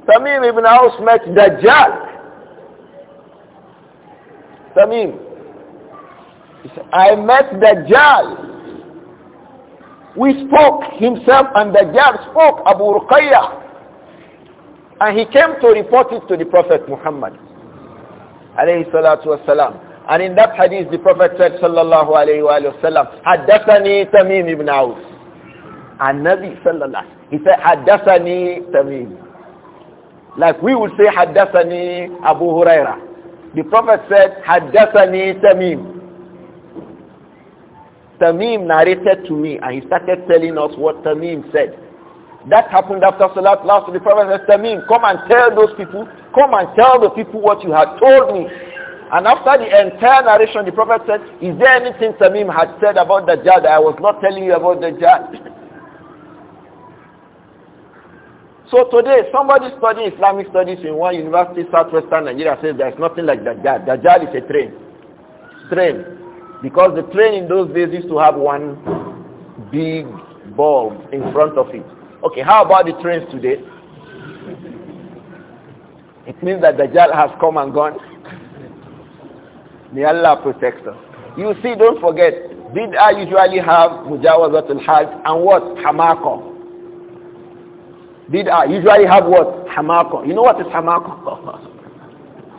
Tamim ibn Aus met Dajjal. Tamim. I met the jah. We spoke, himself and the jah spoke, Abu Ruqayyah. And he came to report it to the Prophet Muhammad alayhi salatu And in that hadith, the Prophet said, sallallahu alayhi wa sallam, حَدَّثَنِي Tamim ibn Aus. And Nabi sallallahu he said, حَدَّثَنِي Tamim. Like we would say, حَدَّثَني Abu Huraira. The Prophet said, حَدَّثَني Tamim. Tamim narrated to me and he started telling us what Tamim said. That happened after Salat last. The Prophet said, Tamim, come and tell those people, come and tell the people what you had told me. And after the entire narration, the Prophet said, is there anything Tamim had said about the Dajjal that I was not telling you about the Dajjal? So today, somebody studying Islamic studies in one university, southwestern Nigeria, says there's nothing like The Dajjal is a train. Train. Because the train in those days used to have one big bulb in front of it. Okay, how about the trains today? It means that the Dajjal has come and gone. May Allah protect us. You see, don't forget, I usually have mujawazatul hajj and what? Hamako. I usually have what? Hamako. You know what is hamako?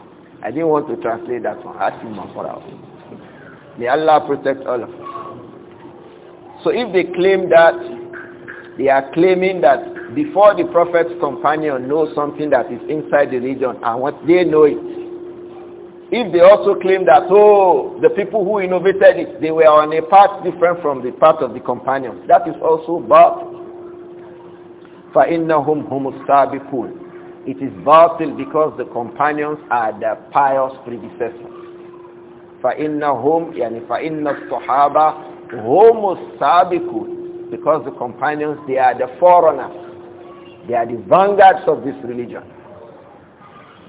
I didn't want to translate that one. Asim May Allah protect all of us. So if they claim that they are claiming that before the prophet's companion knows something that is inside the religion and what they know it. If they also claim that, oh, the people who innovated it, they were on a path different from the path of the companions, that is also bad. فَإِنَّهُمْ هُمُ السَّابِقُونَ It is bad because the companions are the pious predecessors. فَإِنَّهُمْ يعني فَإِنَّ الصُّحَابَةِ هُمُ السَّابِقُونَ because the companions, they are the forerunners. They are the vanguards of this religion.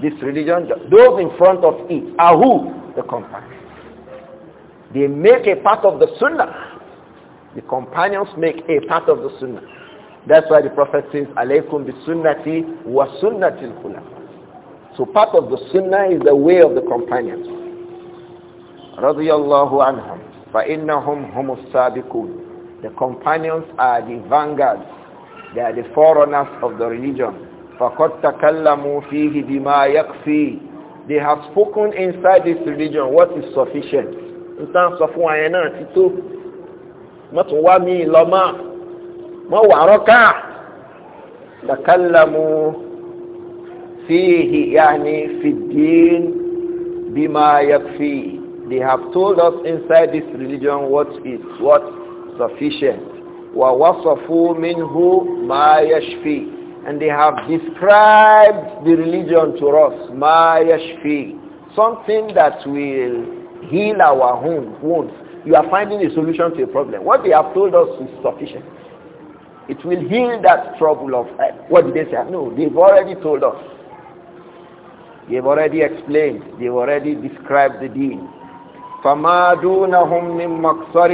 This religion, those in front of it are who? The companions. They make a part of the sunnah. The companions make a part of the sunnah. That's why the Prophet says, Alaykum bi sunnati wa sunnatil khulafa. So part of the sunnah is the way of the companions. رضي الله عنهم فإنهم هم السابقون the companions are the vanguards. They are the forerunners of the religion. They have spoken inside this religion what is sufficient. In terms of àyẹ̀ náà ti tó. Mọ́tò wá mi lọ mọ́. Mọ́ wà rọ́kà. تَكَلَّمُوا فِيهِ They have told us inside this religion what is what sufficient. wasafu minhu ma yashfi, And they have described the religion to us, Ma yashfi, Something that will heal our wounds. You are finding a solution to a problem. What they have told us is sufficient. It will heal that trouble of eh, what did they say? No, they've already told us. They've already explained. They've already described the deal. فما دونهم من مقصر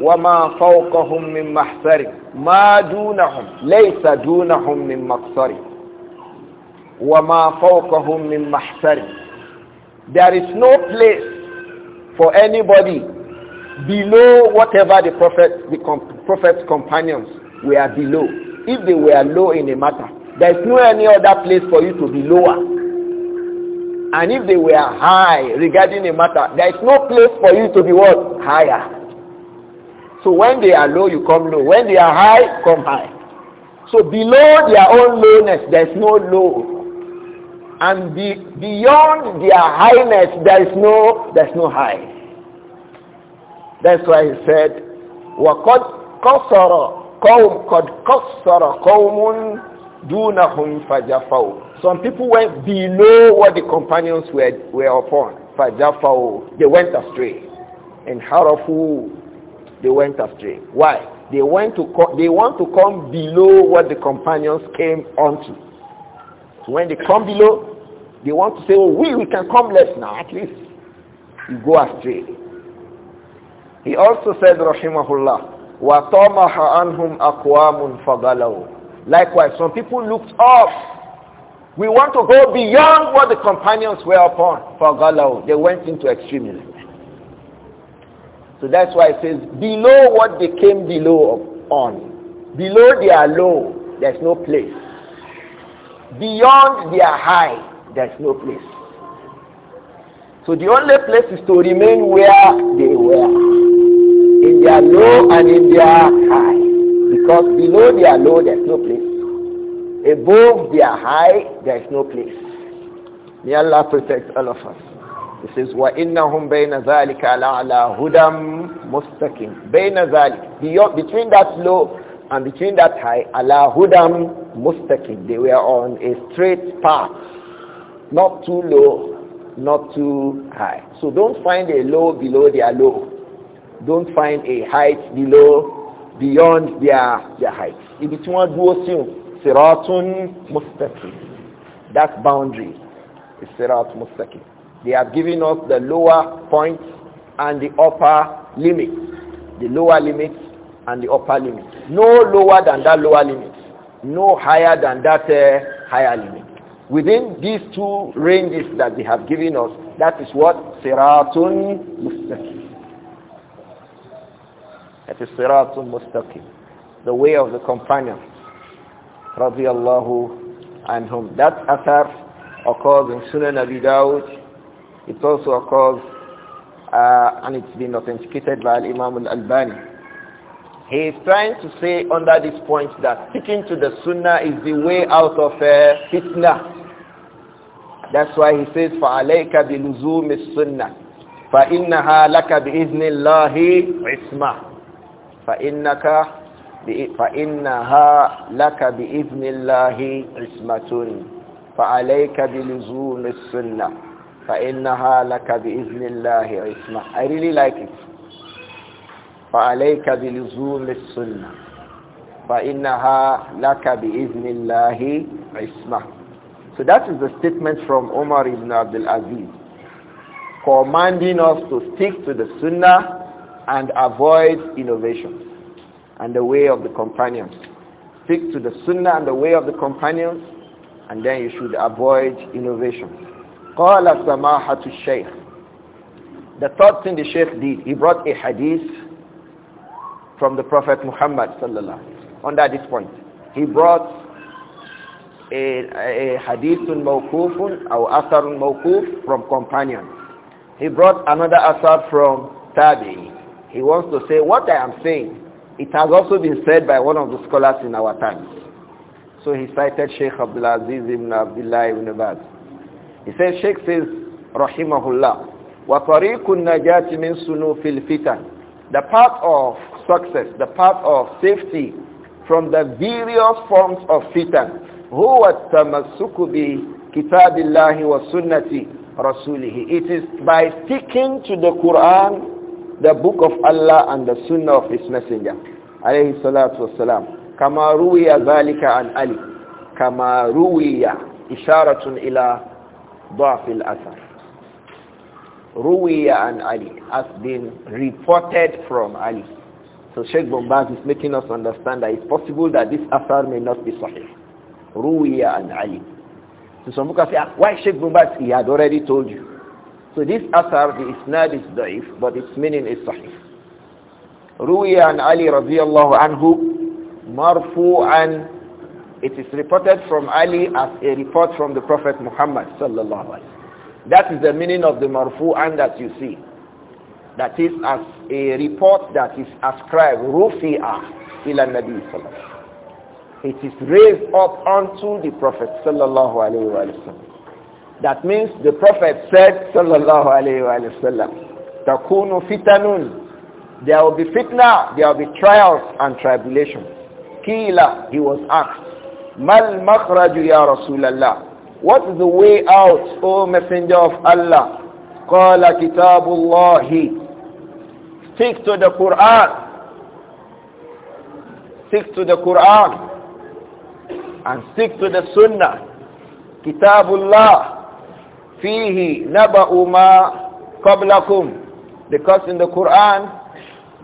وما فوقهم من ما دونهم ليس دونهم من مقصر وما فوقهم من there is no place for anybody below whatever the prophet the prophet's companions were below if they were low in a matter there is no any other place for you to be lower and if they were high regarding a matter, there is no place for you to be what? Higher. So when they are low, you come low. When they are high, come high. So below their own lowness, there is no low. And be, beyond their highness, there is no, there is no high. That's why he said, وَقَدْ قَصَرَ قَوْمٌ قَدْ قَصَّرَ قَوْمٌ دُونَهُمْ فَجَفَوْا Some people went below what the companions were, were upon. فَجَفَوْا They went astray. And harafu they went astray. Why? They, went to they want to come below what the companions came onto. So when they come below, they want to say, oh, we, we can come less now. At least you go astray. He also said, Rahimahullah, وَطَمَحَ عَنْهُمْ أَقْوَامٌ فَضَلَوْا Likewise, some people looked up we want to go beyond what the companions were upon. For they went into extremism. So that's why it says below what they came below of, on. Below their low, there's no place. Beyond their high, there's no place. So the only place is to remain where they were. In their low and in their high. Because below their low, there's no place. Above their high, there's no place. May Allah protect all of us. It says, وَإِنَّهُمْ بَيْنَ ala عَلَىٰ hudam مُسْتَقِيمٍ bayna ذَلِكَ Between that low and between that high, ala hudam مُسْتَقِيمٍ They were on a straight path. Not too low, not too high. So don't find a low below their low. Don't find a height below, beyond their, their height. Ibi tí wọ́n siratun mustaqim. That boundary is sirat mustaqim. They have given us the lower and the upper limit. The lower limit and the upper limit. No lower than that lower limit. No higher than that uh, higher limit. Within these two ranges that they have given us, that is what? Siratun Mustaqim. That is Siratun Mustaqim. The way of the companions. Radiallahu anhum. That athar occurs in Sunan Abi Dawud it also occurs, uh, and it's been authenticated by Imam al-Albani. He is trying to say under this point that sticking to the sunnah is the way out of uh, fitna. That's why he says, فَعَلَيْكَ بِلُزُومِ السُّنَّةِ فَإِنَّهَا لَكَ بِإِذْنِ اللَّهِ عِصْمَةِ فَإِنَّكَ فَإِنَّهَا لَكَ بِإِذْنِ اللَّهِ عِصْمَةٌ فَعَلَيْكَ بِلُزُومِ السُّنَّةِ فإنها لك بإذن الله عصمة I really like it فعليك بلزوم السنة فإنها لك بإذن الله عصمة So that is the statement from Omar ibn Abdul Aziz commanding us to stick to the Sunnah and avoid innovation and the way of the companions. Stick to the Sunnah and the way of the companions and then you should avoid innovations. قال سماحة الشيخ The third thing the Sheikh did, he brought a hadith from the Prophet Muhammad sallallahu under this point. He brought a, a hadithun mawquf or asarun mawquf from companion. He brought another asar from tabi. He wants to say what I am saying. It has also been said by one of the scholars in our times. So he cited Sheikh Abdul Aziz ibn Abdullah ibn Baz. He says, Sheikh says, Rahimahullah, وَطَرِيقُ النَّجَاةِ مِنْ سُنُوفِ الْفِتَنِ The path of success, the path of safety from the various forms of fitan. هو التمسك بكتاب الله وسنة رسوله. It is by sticking to the Quran, the book of Allah and the sunnah of his messenger. عليه الصلاة كما روي ذلك عن علي. كما روي إشارة إلى ضعف الأثر روي عن Ali has been reported from Ali so Sheikh Bombaz is making us understand that it's possible that this asar may not be Sahih. Ruwiya and Ali. So some people say, ah, why Sheikh Bombaz? He had already told you. So this asar, the Isnad is Da'if, but its meaning is Sahih. Ruwiya and Ali الله anhu مرفوعاً. It is reported from Ali as a report from the Prophet Muhammad sallallahu alaihi That is the meaning of the marfu'an that you see. That is as a report that is ascribed rufi'ah ila nabi sallallahu it is raised up unto the prophet sallallahu alaihi wasallam that means the prophet said sallallahu alaihi wasallam takunu fitanun there will be fitna there will be trials and tribulations kila he was asked Mal makhraju ya Rasulallah. What is the way out, O Messenger of Allah? قال كتاب الله Stick to the Quran. Stick to the Quran. And stick to the Sunnah. كتاب الله فيه نبأ ما قبلكم because in the Quran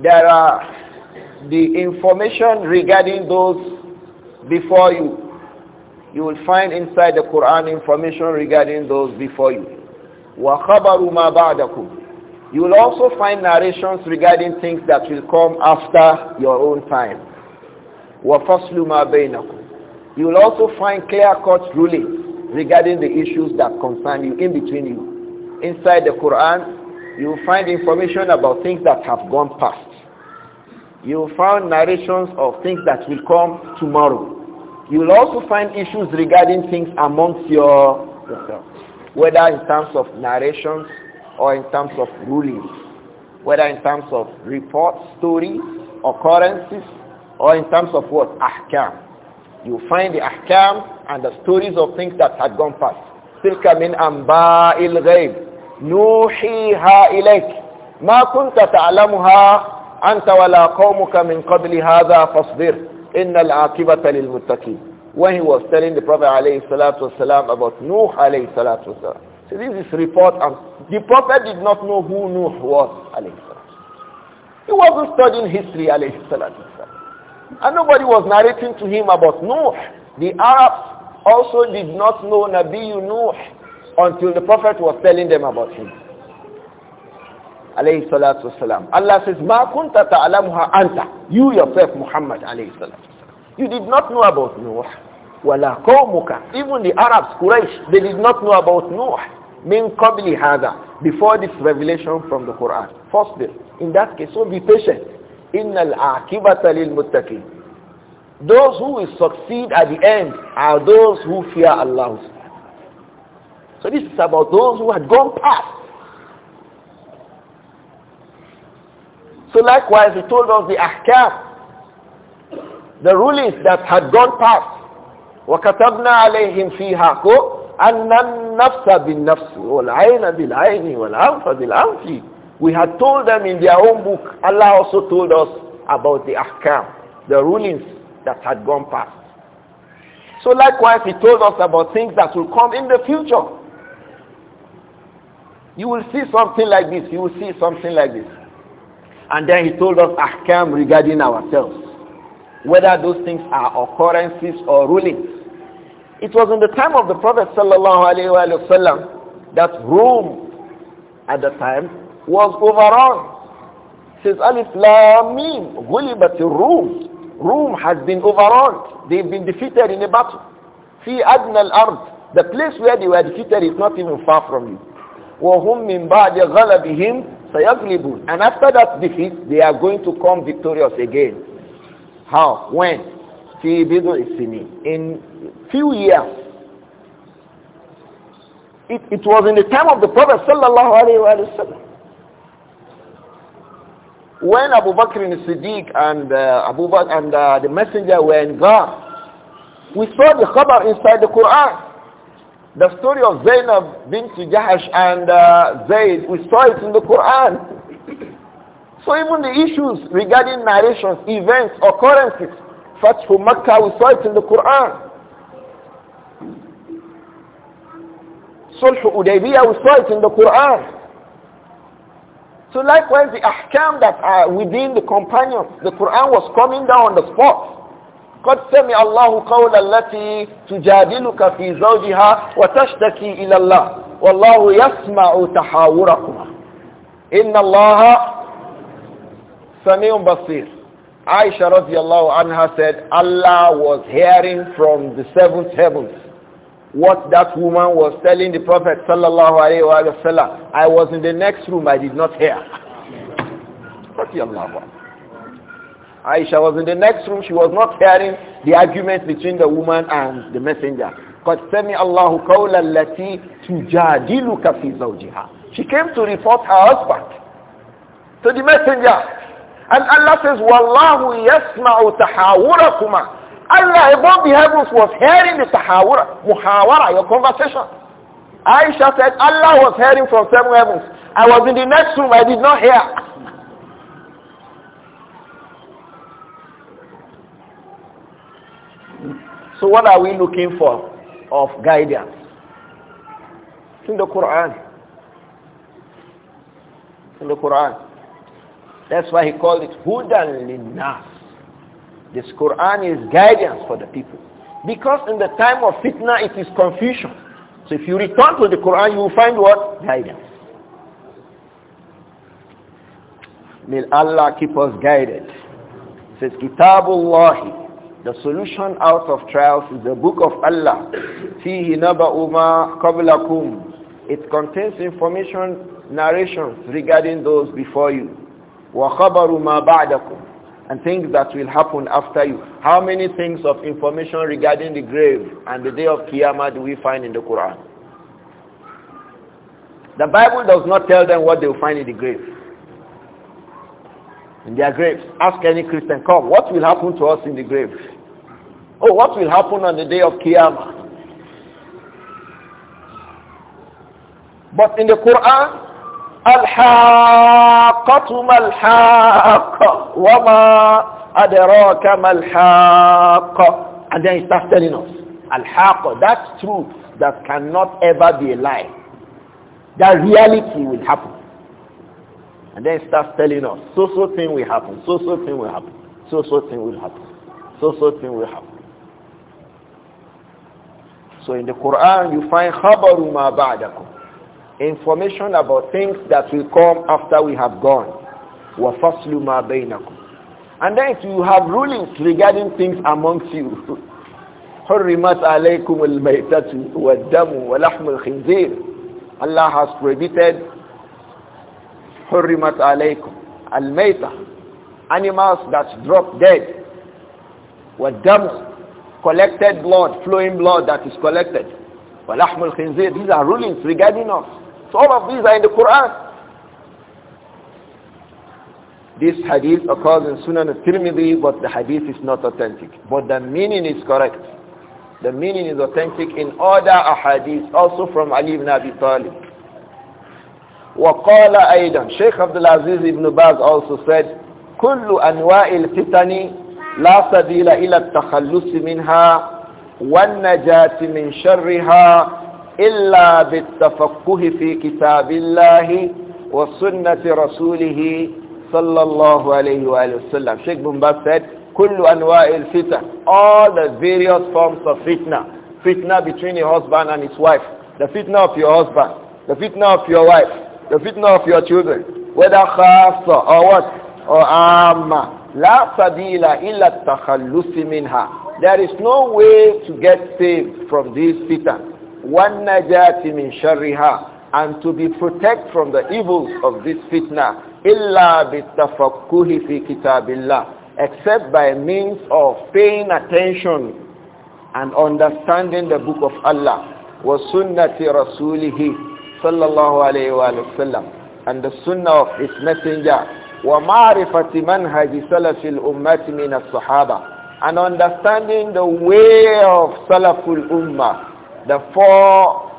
there are the information regarding those before you. You will find inside the Quran information regarding those before you. وَخَبَرُ مَا بَعْدَكُمْ You will also find narrations regarding things that will come after your own time. وَفَصْلُ مَا بَيْنَكُمْ You will also find clear-cut rulings regarding the issues that concern you, in between you. Inside the Quran, you will find information about things that have gone past you will find narrations of things that will come tomorrow. You will also find issues regarding things amongst your, yourself, whether in terms of narrations or in terms of rulings, whether in terms of reports, stories, occurrences, or in terms of what? Ahkam. You find the ahkam and the stories of things that had gone past. تلك من أنباء الغيب نوحيها إليك ما كنت تعلمها أنت ولا قومك من قبل هذا فاصبر innal aqibata lil muttaqin when he was telling the prophet alayhi salatu wasalam about nuh alayhi salatu wasalam so this is report and the prophet did not know who nuh was alayhi salatu he wasn't studying history alayhi salatu wasalam and nobody was narrating to him about nuh the arabs also did not know nabi nuh until the prophet was telling them about him alayhi salatu wasalam. Allah says, ma kunta ta'lamuha anta. You yourself, Muhammad alayhi salatu wasalam. You did not know about Noah. Wala qawmuka. Even the Arabs, Quraysh, they did not know about Noah. Min qabli hadha. Before this revelation from the Quran. First day. In that case, so be patient. Innal aqibata lil muttaqin. Those who will succeed at the end are those who fear Allah. So this is about those who had gone past So likewise, he told us the ahkam, the rulings that had gone past. وَكَتَبْنَا عَلَيْهِمْ فِيهَا أَنَّ النَّفْسَ بِالنَّفْسِ وَالْعَيْنَ بِالْعَيْنِ وَالْأَنْفَ بِالْأَنْفِ We had told them in their own book, Allah also told us about the ahkam, the rulings that had gone past. So likewise, he told us about things that will come in the future. You will see something like this, you will see something like this. And then he told us ahkam regarding ourselves, whether those things are occurrences or rulings. It was in the time of the Prophet wasallam that Rome at the time was overrun. Says Alif Lam Mim, غُلِبَتِ Rome has been overrun. They've been defeated in a battle. See al ard The place where they were defeated is not even far from you. وَهُمْ مِنْ بَعْدِ غَلَبِهِمْ Sayaglibun. And after that defeat, they are going to come victorious again. How? When? In few years. It, it was in the time of the Prophet sallallahu alaihi wasallam. When Abu Bakr and Siddiq and uh, Abu Bakr and uh, the Messenger were in Ghaz, we saw the khabar inside the Quran. The story of Zainab bint Jahash and uh, Zaid, we saw it in the Quran. So even the issues regarding narrations, events, occurrences, Fathu Makkah, we saw it in the Quran. Sulh Udaybiyah, we saw it in the Quran. So likewise, the ahkam that are within the companions, the Quran was coming down on the spot. قد سمع الله قول التي تجادلك في زوجها وتشتكي إلى الله والله يسمع تحاوركما إن الله سميع بصير Aisha الله عنها said Allah was hearing from the seventh heavens what that woman was telling the Prophet sallallahu alayhi wa sallam. I was in the next room, I did not hear. Radiallahu anha. Aisha was in the next room. She was not hearing the argument between the woman and the messenger. قد سمع الله قول التي تجادلك في زوجها she came to report her husband to the messenger and Allah says والله يسمع تحاوركما Allah above the heavens was hearing the tahawura muhawara your conversation Aisha said Allah was hearing from seven heavens I was in the next room I did not hear So what are we looking for of guidance? In the Quran. In the Quran. That's why he called it Hudan Linnas. This Quran is guidance for the people. Because in the time of fitna it is confusion. So if you return to the Quran you will find what? Guidance. May Allah keep us guided. It says Kitabullahi the solution out of trials is the book of Allah. فِيهِ نَبَأُ مَا قَبْلَكُمْ It contains information, narrations regarding those before you. وَخَبَرُ مَا and things that will happen after you. How many things of information regarding the grave and the day of Qiyamah do we find in the Quran? The Bible does not tell them what they will find in the grave. In their graves. Ask any Christian, come, what will happen to us in the grave? Oh, what will happen on the day of Qiyamah? But in the Quran, الحاقة ما الحاقة وما أدراك ما الحاقة and then he starts telling us al الحاقة that's truth that cannot ever be a lie that reality will happen and then he starts telling us so so thing will happen so so thing will happen so so thing will happen so so thing will happen so in the Quran you find khabaru ma ba'dakum. Information about things that will come after we have gone. Wa faslu ma bainakum. And then if you have rulings regarding things amongst you. حرمت عليكم الميتة والدم ولحم الخنزير. Allah has prohibited حرمت عليكم الميتة animals that drop dead والدم collected blood, flowing blood that is collected. these are rulings regarding us. So all of these are in the Quran. This hadith occurs in Sunan al-Tirmidhi, but the hadith is not authentic. But the meaning is correct. The meaning is authentic in other hadiths, also from Ali ibn Abi Talib. وقال أيضا Sheikh Abdul ibn Baz also said كل أنواع الفتن لا سبيل إلى التخلص منها والنجاة من شرها إلا بالتفقه في كتاب الله وسنة رسوله صلى الله عليه وآله وسلم Sheikh Bumbaz said كل أنواع الفتن all the various forms of fitna fitna between your husband and his wife the fitna of your husband the fitna of your wife the fitna of your children whether خاصة or what amma. La sabila illa takhallusi minha. There is no way to get saved from this fitan. One najati min sharriha. And to be protected from the evils of this fitna. Illa bitafakkuhi fi kitabillah. Except by means of paying attention and understanding the book of Allah was sunnati rasulihi sallallahu alayhi wa sallam and the sunnah of his messenger وَمَعْرِفَةِ مَنْهَجِ سَلَفِ الْأُمَّةِ مِنَ الصَّحَابَةِ And understanding the way of Salaful Ummah, the four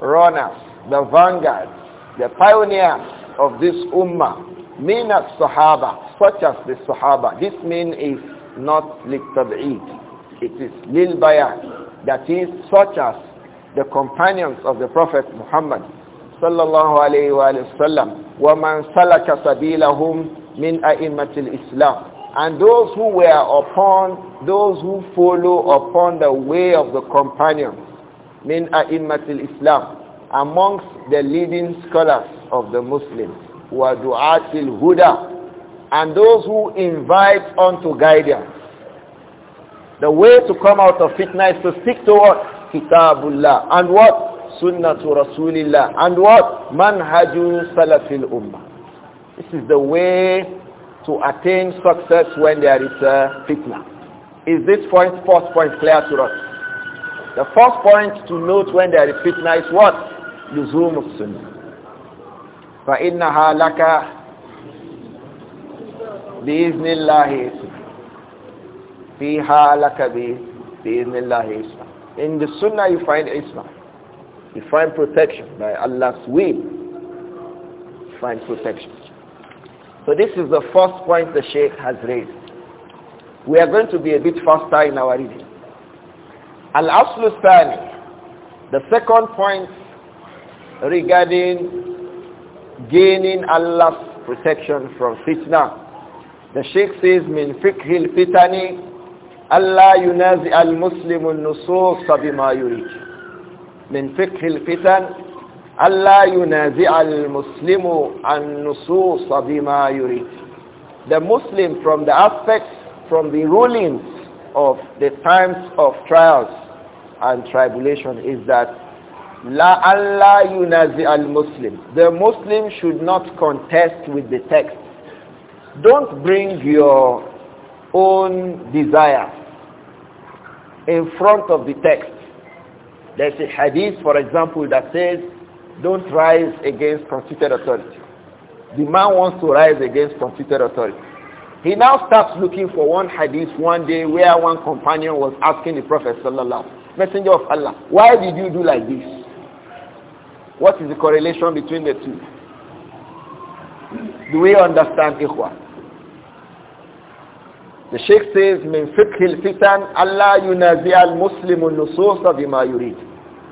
runners, the vanguards, the pioneers of this Ummah, min al-Sahaba, such as the Sahaba. This mean is not لِلْتَبْعِيد It is lil-bayan, that is such as the companions of the Prophet Muhammad sallallahu alayhi wa sallam وَمَنْ سَلَكَ سَبِيلَهُمْ مِنْ أَئِمَّةِ الْإِسْلَامِ and those who were upon those who follow upon the way of the companions min a'immatil islam amongst the leading scholars of the muslims are du'atil huda and those who invite unto guidance the way to come out of fitna is to stick to what kitabullah and what sunnah to Rasulillah. And what? Manhaju salafil ummah. This is the way to attain success when there is a fitna. Is this point, first point clear to us? The first point to note when there is fitna is what? the sunnah. فإنها لك بإذن الله فيها لك بإذن الله إسمع. In the Sunnah you find isma. You find protection by Allah's will. You find protection. So this is the first point the Sheikh has raised. We are going to be a bit faster in our reading. Al-Aslu The second point regarding gaining Allah's protection from fitna. The Sheikh says, min fikhil fitani, Allah yunazi al-Muslimu al-nusus bima yurid. من فقه الفتن ألا ينازع المسلم النصوص بما يريد The Muslim from the aspects, from the rulings of the times of trials and tribulation is that La Allah yunazi al Muslim. The Muslim should not contest with the text. Don't bring your own desire in front of the text. There's a hadith, for example, that says, don't rise against constituted authority. The man wants to rise against constituted authority. He now starts looking for one hadith one day where one companion was asking the Prophet sallallahu messenger of Allah, why did you do like this? What is the correlation between the two? Do we understand ikhwan? The Sheikh says, min فقه الفتن ألا ينازع المسلم النصوص بما yurid."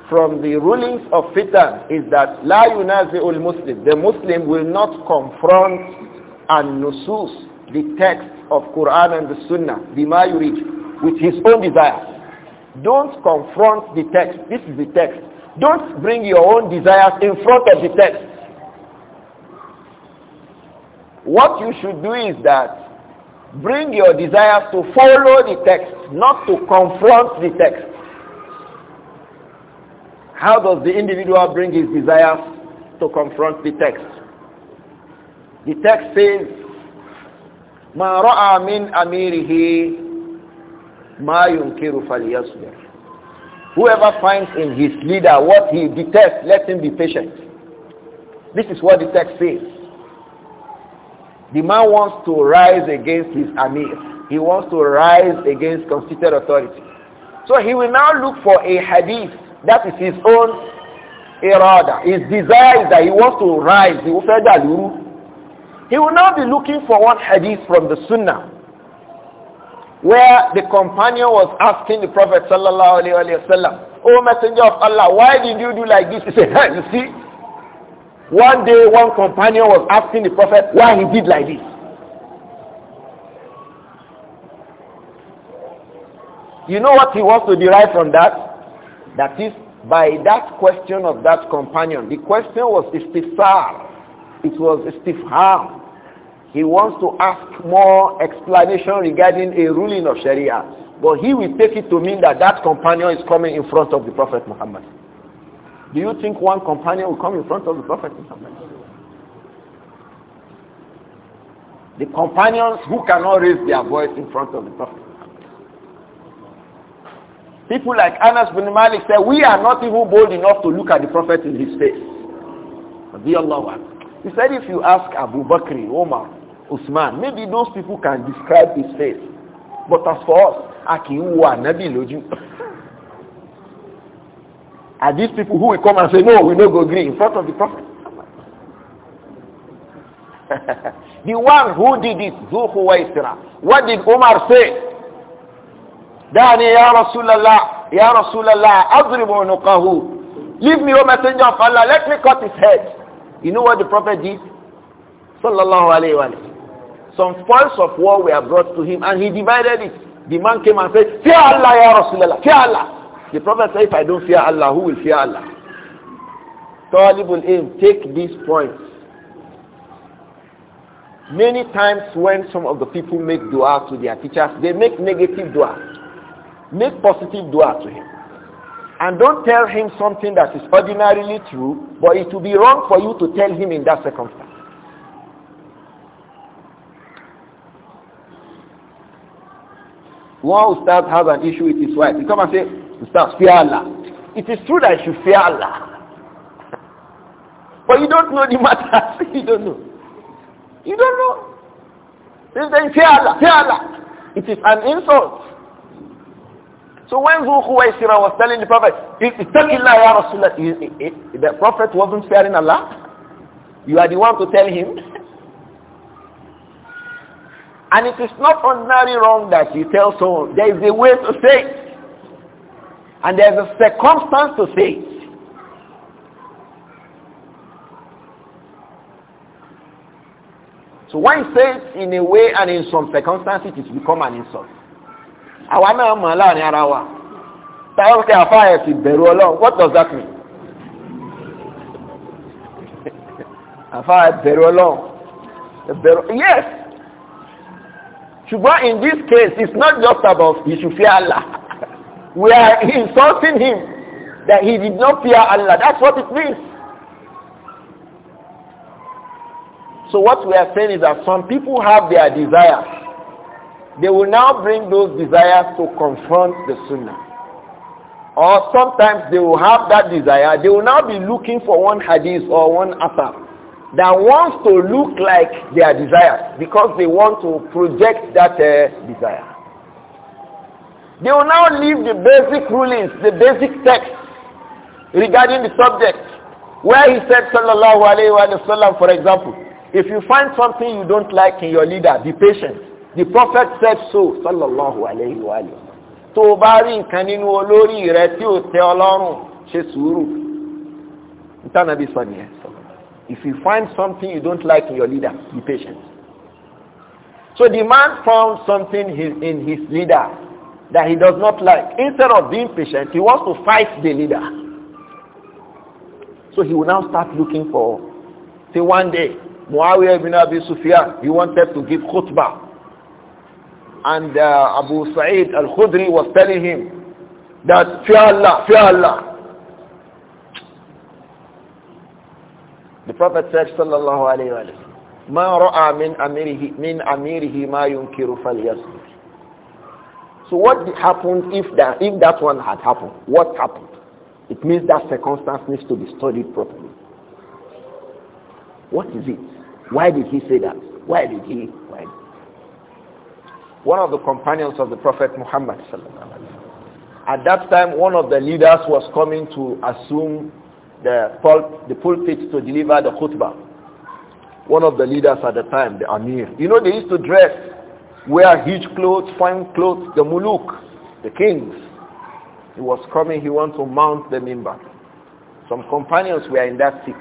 from the rulings of fitan is that la yunazi'ul muslim the muslim will not confront an nusus the text of quran and the sunnah bima yurid with his own desire don't confront the text this is the text don't bring your own desires in front of the text what you should do is that bring your desires to follow the text not to confront the text how does the individual bring his desires to confront the text? The text says, مَا رَأَى مِنْ أَمِيرِهِ مَا يُنْكِرُ فَلْيَصْبِرْ Whoever finds in his leader what he detests, let him be patient. This is what the text says. The man wants to rise against his amir. He wants to rise against constituted authority. So he will now look for a hadith that is his own irada. His desire that he wants to rise. He will further He will not be looking for one hadith from the sunnah where the companion was asking the Prophet sallallahu alaihi wasallam, "O Messenger of Allah, why did you do like this?" He said, hey, "You see, one day one companion was asking the Prophet why he did like this." You know what he wants to derive from that? That is, by that question of that companion, the question was istifsar. It was istifham. He wants to ask more explanation regarding a ruling of Sharia. But he will take it to mean that that companion is coming in front of the Prophet Muhammad. Do you think one companion will come in front of the Prophet Muhammad? The companions who cannot raise their voice in front of the Prophet. People like Anas bin Malik said, we are not even bold enough to look at the Prophet in his face. He said if you ask Abu Bakr, Omar, Usman, maybe those people can describe his face. But as for us, Akiwa, Nabi are these people who will come and say, no, we don't go green in front of the Prophet? the one who did it, Zuhuwaisira. What did Omar say? دعني يا رسول الله يا رسول الله أضرب عنقه Leave me, O Messenger of Allah. Let me cut his head. You know what the Prophet did? Sallallahu Alaihi wa Some spoils of war were brought to him and he divided it. The man came and said, Fear Allah, Ya Rasulullah. Fear Allah. The Prophet said, if I don't fear Allah, who will fear Allah? Talibul aim, take these points. Many times when some of the people make dua to their teachers, they make negative dua. Make positive dua to him. And don't tell him something that is ordinarily true, but it will be wrong for you to tell him in that circumstance. One Ustaz has an issue with his wife. He come and say, Ustaz, fear Allah. It is true that you fear Allah. but you don't know the matter. you don't know. You don't know. They say, fear Allah, fear Allah. It is an insult. So when Dhul Khuwaisira was telling the Prophet, Ittaqillah ya Rasulullah, the Prophet wasn't fearing Allah. You are the one to tell him. And it is not ordinarily wrong that you tell someone. There is a way to say it. And there is a circumstance to say it. So when he says in a way and in some circumstances, it becomes an insult. àwa náà mọ̀ láàrin ara wa táwọn kí afá ti bẹ̀rù ọlọ́run what does that mean afá ẹ̀ bẹ̀rù ọlọ́run yes ṣùgbọ́n in this case it's not just about you fear Allah we are insulting him that he did not fear Allah that's what it means so what we are saying is that some people have their desires They will now bring those desires to confront the Sunnah. Or sometimes they will have that desire. They will now be looking for one hadith or one athar that wants to look like their desire because they want to project that uh, desire. They will now leave the basic rulings, the basic text regarding the subject where he said sallallahu alayhi wa sallam for example if you find something you don't like in your leader be patient the Prophet said so, sallallahu alayhi wa tó bá rí nǹkan nínú olórí rẹ tí ò tẹ ọlọ́run ṣe sọ if you find something you don't like in your leader be patient so the man found something in his leader that he does not like instead of being patient he wants to fight the leader so he will now start looking for say one day muawiya ibn abi sufyan he wanted to give khutbah and uh, Abu Sa'id al-Khudri was telling him that fear Allah, fear Allah. The Prophet said sallallahu alayhi wa sallam, مَا رَأَى مِنْ أَمِيرِهِ, من أميره مَا يُنْكِرُ So what happened if that, if that one had happened? What happened? It means that circumstance needs to be studied properly. What is it? Why did he say that? Why did he one of the companions of the Prophet Muhammad. At that time, one of the leaders was coming to assume the, pul the pulpit to deliver the khutbah. One of the leaders at the time, the Amir. You know, they used to dress, wear huge clothes, fine clothes, the muluk, the kings. He was coming, he wanted to mount the mimbar. Some companions were in that seat.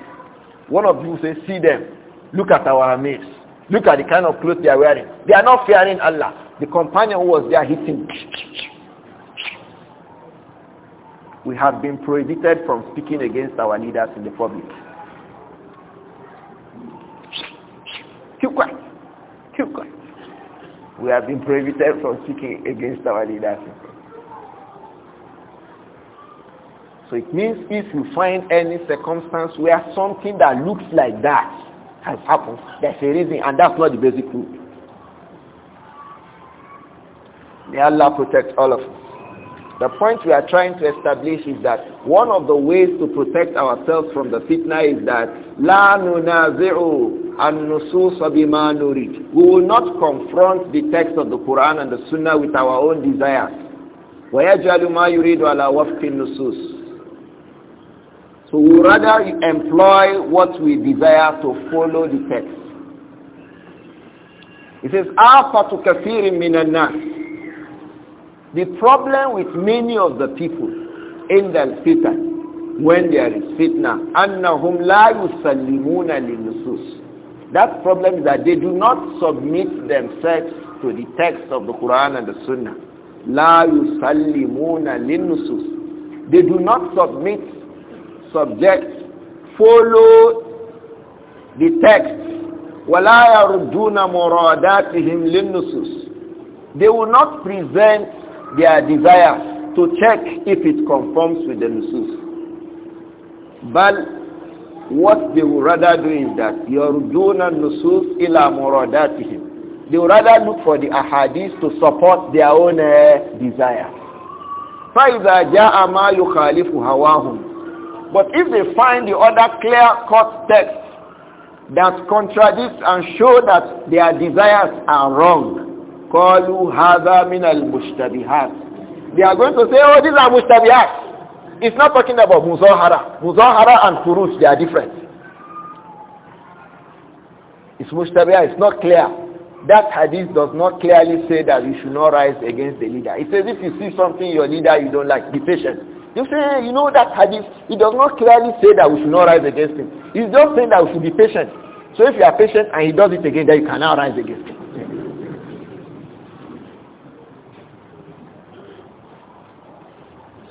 One of you say, see them. Look at our Amirs. Look at the kind of clothes they are wearing. They are not fearing Allah. The companion was there hitting. We have been prohibited from speaking against our leaders in the public. Keep quiet. Keep quiet. We have been prohibited from speaking against our leaders. So it means if you find any circumstance where something that looks like that has happened, there's a reason, and that's not the basic rule. May Allah protect all of us. The point we are trying to establish is that one of the ways to protect ourselves from the fitna is that la nunazi'u an-nusus bima nurid. We will not confront the text of the Quran and the Sunnah with our own desires. Wa yaj'alu ma yuridu ala wafqi So we rather employ what we desire to follow the text. It says, "Afatu kathirin مِنَ النَّاسِ. The problem with many of the people in the fitan, when there is fitna, أَنَّهُمْ لَا يُسَلِّمُونَ لِلنُّسُوسِ That problem is that they do not submit themselves to the text of the Quran and the Sunnah. لَا يُسَلِّمُونَ لِلنُّسُوسِ They do not submit, subject, follow the text ولا يردون مراداتهم للنصوص they will not present their desire to check if it conforms with the nusus. But what they would rather do is that يَرْجُونَ النُّسُوسِ إِلَى مُرَادَاتِهِمْ They would rather look for the ahadith to support their own uh, desire. فَإِذَا جَاءَ مَا يُخَالِفُ هَوَاهُمْ But if they find the other clear-cut text that contradicts and show that their desires are wrong, Qalu hadha min al-mushtabihat. They are going to say, oh, these are mushtabihat. It's not talking about muzahara. Muzahara and furuj, they are different. It's mushtabihat, it's not clear. That hadith does not clearly say that you should not rise against the leader. It says if you see something your leader you don't like, be patient. You say, you know that hadith, it does not clearly say that we should not rise against him. It's just saying that we should be patient. So if you are patient and he does it again, then you cannot rise against him.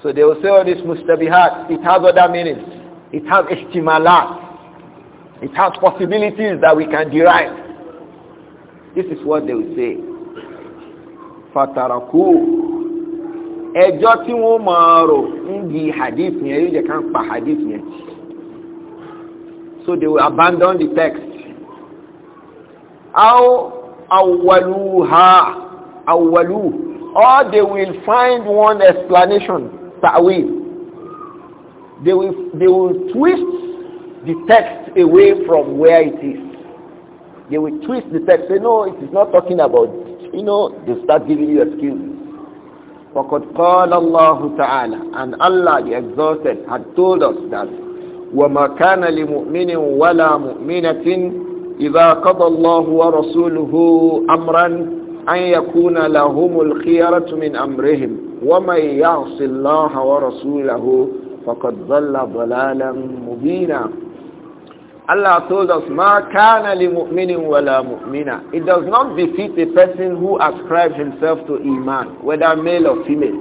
So they will say oh, this mustabihat, it has other meanings. It has ihtimalat. It has possibilities that we can derive. This is what they will say. Fataraku. ẹjọ́ tí wọ́n máa rò ń hadith yẹn yóò jẹ́ ká pa hadith yẹn so they will abandon the text how ha awalu or they will find one explanation ta'wil. They will, they will twist the text away from where it is. They will twist the text, say, no, it is not talking about, you know, they start giving you excuses. فَقَدْ قَالَ اللَّهُ تَعَالَى And Allah, the Exalted, had told us that وَمَا كَانَ لِمُؤْمِنٍ وَلَا مُؤْمِنَةٍ إذا قضى الله ورسوله أمرا أن يكون لهم الخيرة من أمرهم ومن يعص الله ورسوله فقد ضل ضلالا مبينا Allah told us, Ma kana li mu'minin wala mu'mina. It does not defeat a person who ascribes himself to Iman, whether male or female.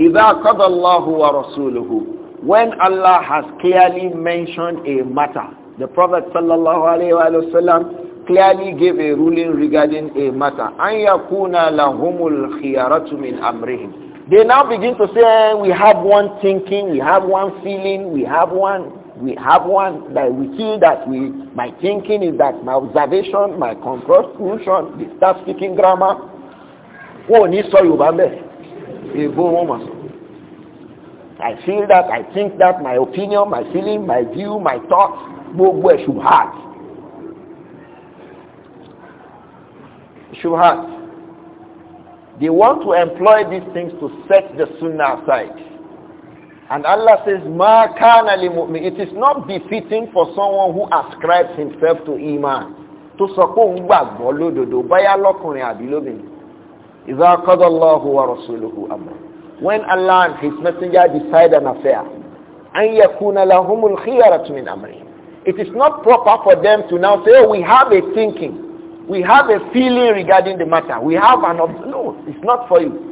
إِذَا قَضَ اللَّهُ وَرَسُولُهُ When Allah has clearly mentioned a matter, the Prophet sallallahu alayhi wa sallam clearly gave a ruling regarding a matter. أَنْ يَكُونَ لَهُمُ الخيارة مِنْ أَمْرِهِمْ They now begin to say, eh, we have one thinking, we have one feeling, we have one, we have one, that we feel that we, my thinking is that my observation, my conclusion, they start speaking grammar. Oh, ní sọ Yorùbá bẹ́ẹ̀, èbó woman. I feel that, I think that, my opinion, my feeling, my view, my thought, gbogbo ẹ̀ ṣùgbọ́n. Ṣùgbọ́n. They want to employ these things to set the sunnah aside. And Allah says, Ma kana It is not befitting for someone who ascribes himself to Iman. To sako ngbagbo lododo baya lokunrin abi lobin. When Allah and his messenger decide an affair, an yakuna lahumul khiyaratu min amri. It is not proper for them to now say, oh, we have a thinking we have a feeling regarding the matter. We have an ob no, it's not for you.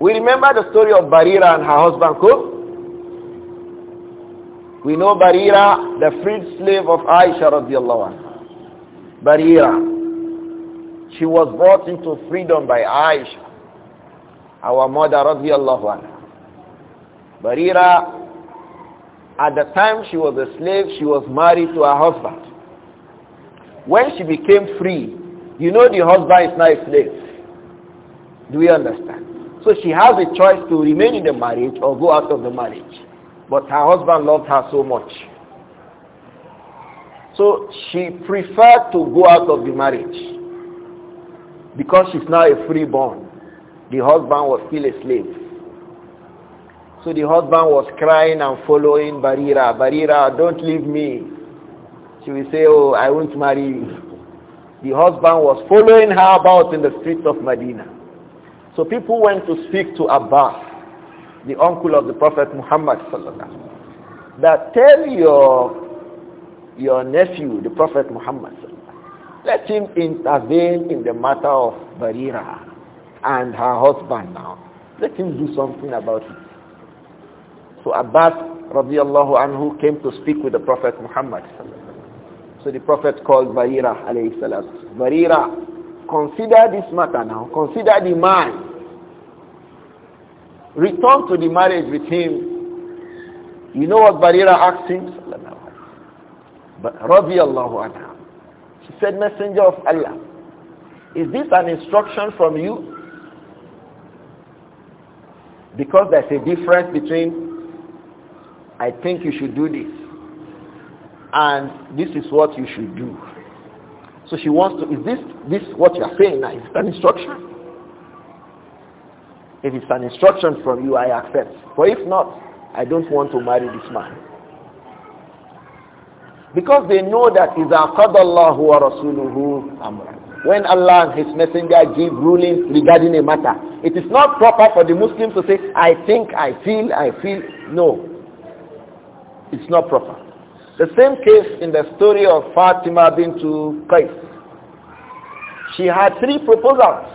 We remember the story of Barira and her husband Kuf. We know Barira, the freed slave of Aisha radiallahu anha. Barira. She was brought into freedom by Aisha, our mother radiallahu anha. Barira, at the time she was a slave, she was married to her husband. When she became free, you know the husband is now a slave. Do we understand? So she has a choice to remain in the marriage or go out of the marriage. But her husband loved her so much. So she preferred to go out of the marriage because she's now a freeborn. The husband was still a slave. So the husband was crying and following Barira, Barira, don't leave me. She will say, oh, I won't marry you. The husband was following her about in the streets of Medina. So people went to speak to Abbas, the uncle of the Prophet Muhammad that tell your, your nephew, the Prophet Muhammad let him intervene in the matter of Barira and her husband now. Let him do something about it. So Abbas radiallahu anhu came to speak with the Prophet Muhammad so the Prophet called Barira alayhi salam. Barira, consider this matter now. Consider the man. Return to the marriage with him. You know what Barira asked him? But radiallahu anha. She said, Messenger of Allah, is this an instruction from you? Because there's a difference between, I think you should do this and this is what you should do. So she wants to, is this, this what you are saying now? Is it an instruction? If it's an instruction from you, I accept. For if not, I don't want to marry this man. Because they know that is إِذَا قَضَ اللَّهُ وَرَسُولُهُ When Allah and His Messenger give rulings regarding a matter, it is not proper for the Muslims to say, I think, I feel, I feel. No. It's not proper. The same case in the story of Fatima to Qais. She had three proposals.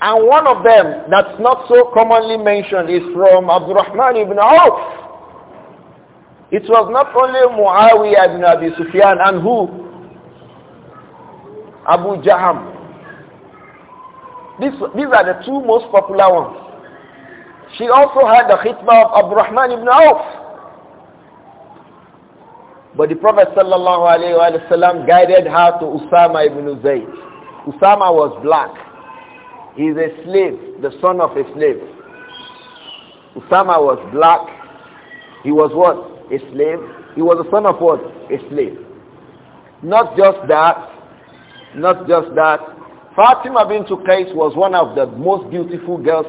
And one of them that's not so commonly mentioned is from Abdurrahman ibn Auf. It was not only Muawiyah ibn Abi Sufyan and who? Abu Jaham. These these are the two most popular ones. She also had the khitbah of Rahman ibn Auf. But the Prophet ﷺ guided her to Usama ibn Zayd. Usama was black. He is a slave, the son of a slave. Usama was black. He was what? A slave. He was the son of what? A slave. Not just that. Not just that. Fatima bint Qais was one of the most beautiful girls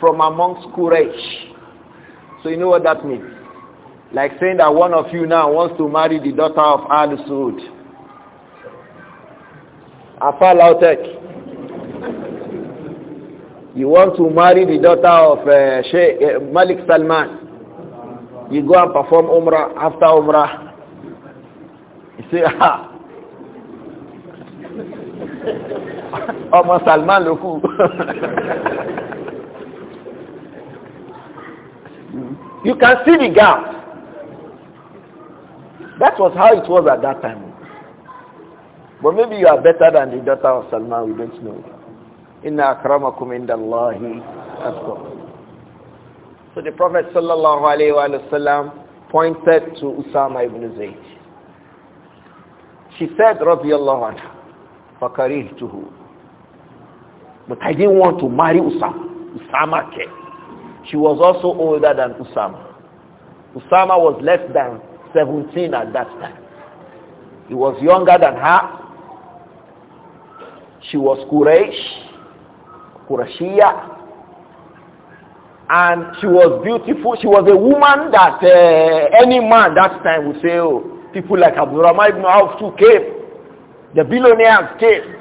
from amongst Quraysh. So you know what that means? Like saying that one of you now wants to marry the daughter of Al Saud. Afa Lautek. You want to marry the daughter of uh, Sheikh, uh, Malik Salman. You go and perform Umrah after Umrah. You say, ah. Omar Salman ló You can see the gap. That was how it was at that time. But maybe you are better than the daughter of Salman, we don't know. Inna akramakum indallahi atqakum. So the Prophet sallallahu alayhi wa sallam pointed to Usama ibn Zayd. She said, radiyallahu anha, tuhu." But I didn't want to marry Usama. Usama came. She was also older than Usama. Usama was less than 17 at that time. He was younger than her. She was Quraysh, Qurashia. And she was beautiful. She was a woman that uh, any man that time would say, oh, people like Abdurrahman ibn Auf to care. The billionaires came.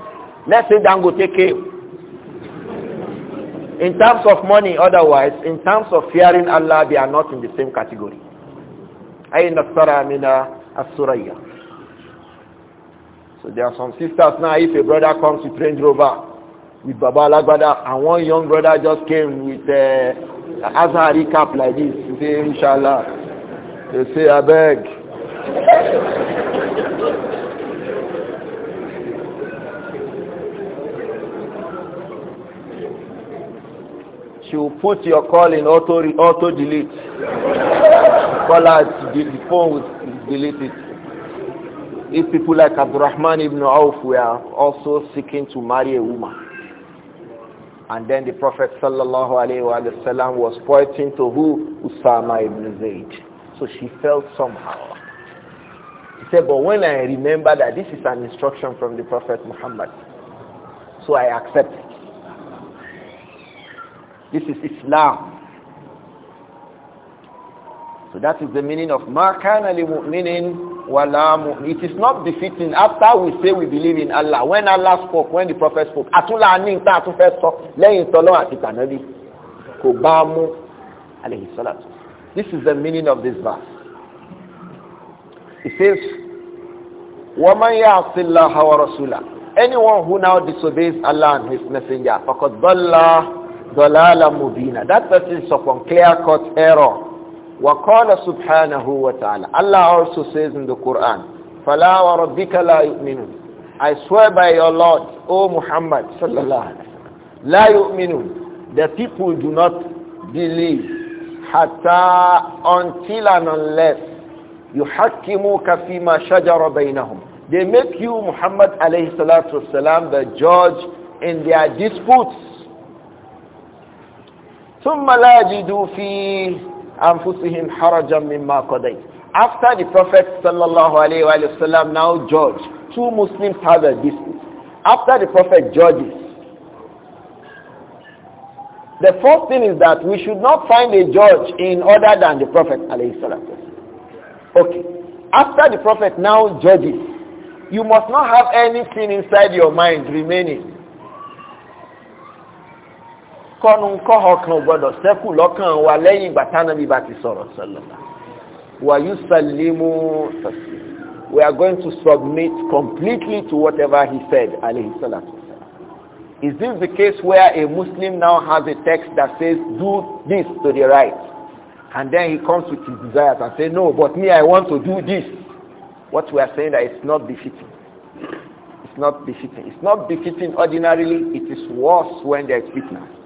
Let's say take care." In terms of money, otherwise, in terms of fearing Allah, they are not in the same category. أين mina من So there are some sisters now, if a brother comes with Range Rover, with Baba Lagbada, and one young brother just came with a uh, Azhari cap like this, he say, Inshallah, they say, I beg. she will put your call in auto auto delete. call out the phone will delete it. If people like Abdurrahman ibn Auf were also seeking to marry a woman, and then the Prophet sallallahu alaihi wasallam was pointing to who Usama ibn Zayd. So she felt somehow. He said, but when I remember that this is an instruction from the Prophet Muhammad, so I accept it. This is Islam. So that is the meaning of مَا كَانَ لِمُؤْمِنٍ It is not befitting after we say we believe in Allah. When Allah spoke, when the Prophet spoke, àtúnlá ní ìta àtún fẹ́ sọ lẹ́yìn tọ́lọ́ àti kò bá mú alayhi salatu. This is the meaning of this verse. It says, وَمَنْ يَعْصِ اللَّهَ وَرَسُولَهُ Anyone who now disobeys Allah and His Messenger, فَقَدْ ضَلَّ that person is upon clear cut error وقال سبحانه ta'ala Allah also says in the Quran فلا وربك لا يؤمنون I swear by your Lord O Muhammad sallallahu الله عليه وسلم لا يؤمنون the people do not believe حتى until and unless يحكموك فيما شجر بينهم they make you Muhammad alayhi salatu wasalam the judge in their disputes ثم لا يجدوا في أنفسهم حرجا مما قضيت After the Prophet sallallahu wa sallam now judge, two Muslims have a dispute. After the Prophet judges, the first thing is that we should not find a judge in other than the Prophet alayhi salam. Okay. After the Prophet now judges, you must not have anything inside your mind remaining kan gbọ́dọ̀ sẹ́kù lọ́kàn wa lẹ́yìn bá ti sọ̀rọ̀ wa we are going to submit completely to whatever he said alayhi salatu is this the case where a muslim now has a text that says do this to the right and then he comes with his desires and say no but me i want to do this what we are saying that it's not befitting it's not befitting it's not befitting ordinarily it is worse when there is fitness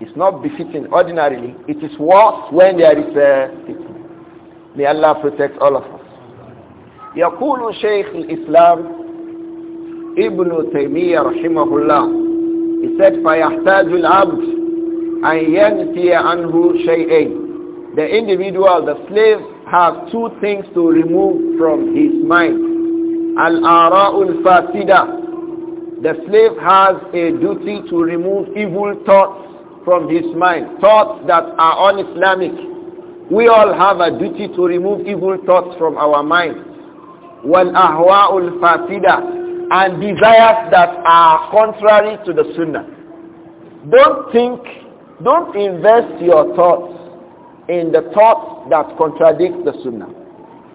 it's not befitting ordinarily. It is worse when there is a fitna. May Allah protect all of us. يقول شيخ الإسلام ابن تيمية رحمه الله He said فيحتاج العبد أن ينفي عنه شيئين The individual, the slave, has two things to remove from his mind. Al-ara'u al The slave has a duty to remove evil thoughts from his mind thoughts that are un-Islamic. We all have a duty to remove evil thoughts from our mind. وَالْأَهْوَاءُ الْفَاسِدَةِ And desires that are contrary to the sunnah. Don't think, don't invest your thoughts in the thoughts that contradict the sunnah.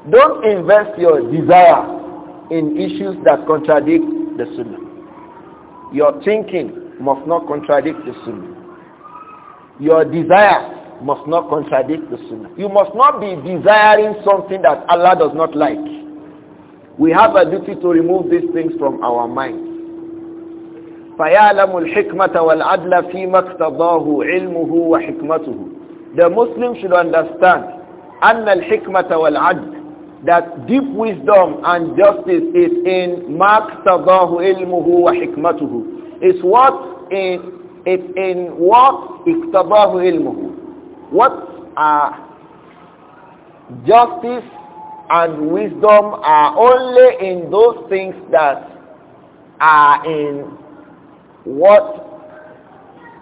Don't invest your desire in issues that contradict the sunnah. Your thinking must not contradict the sunnah. Your desire must not contradict the sunnah. You must not be desiring something that Allah does not like. We have a duty to remove these things from our minds. فَيَعْلَمُ الْحِكْمَةَ وَالْعَدْلَ فِي عِلْمُهُ وَحِكْمَتُهُ The Muslim should understand أَنَّ الْحِكْمَةَ وَالْعَدْلَ that deep wisdom and justice is in مَقْتَضَاهُ عِلْمُهُ وَحِكْمَتُهُ It's what in it's in what iktabahu ilmuhu. What are justice and wisdom are only in those things that are in what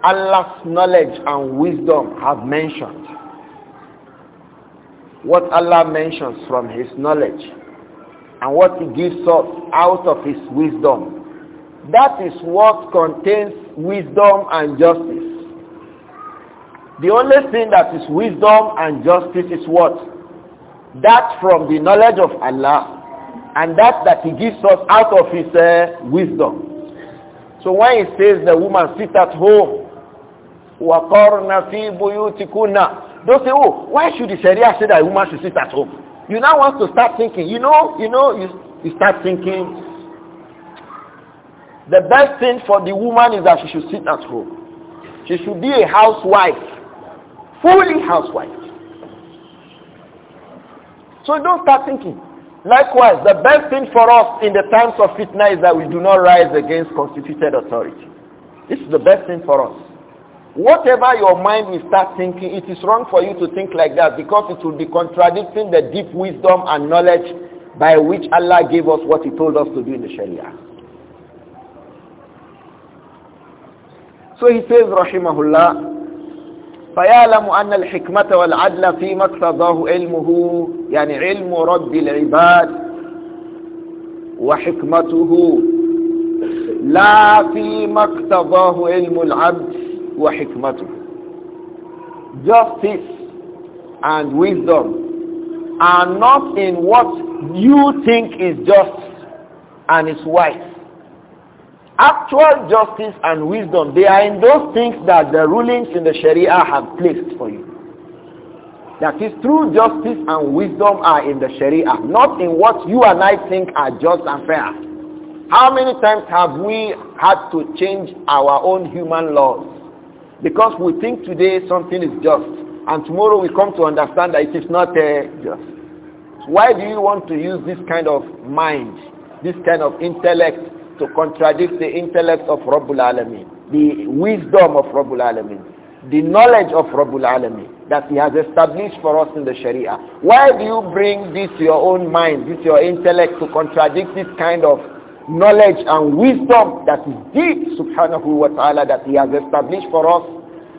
Allah's knowledge and wisdom have mentioned. What Allah mentions from his knowledge and what he gives us out of his wisdom that is what contains wisdom and justice. The only thing that is wisdom and justice is what? That from the knowledge of Allah and that that he gives us out of his uh, wisdom. So when he says the woman sit at home, وَقَرْنَ فِي بُيُوتِكُنَّ Don't say, oh, why should the Sharia say that a woman should sit at home? You now want to start thinking, you know, you know, you, you start thinking the best thing for the woman is that she should sit at home. She should be a housewife, fully housewife. So don't start thinking. Likewise, the best thing for us in the times of fitna is that we do not rise against constituted authority. This is the best thing for us. Whatever your mind will start thinking, it is wrong for you to think like that because it will be contradicting the deep wisdom and knowledge by which Allah gave us what he told us to do in the Sharia. So he says, Rahimahullah, فيعلم أن الحكمة والعدل في اقتضاه علمه يعني علم رب العباد وحكمته لا في اقتضاه علم العبد وحكمته justice and wisdom are not in what you think is just and is wise actual justice and wisdom, they are in those things that the rulings in the Sharia have placed for you. That is, true justice and wisdom are in the Sharia, not in what you and I think are just and fair. How many times have we had to change our own human laws? Because we think today something is just, and tomorrow we come to understand that it is not uh, just. why do you want to use this kind of mind, this kind of intellect, to contradict the intellect of Rabbul Alameen, the wisdom of Rabbul Alameen, the knowledge of Rabbul Alameen that he has established for us in the Sharia. Why do you bring this your own mind, this your intellect to contradict this kind of knowledge and wisdom that is deep, subhanahu wa ta'ala, that he has established for us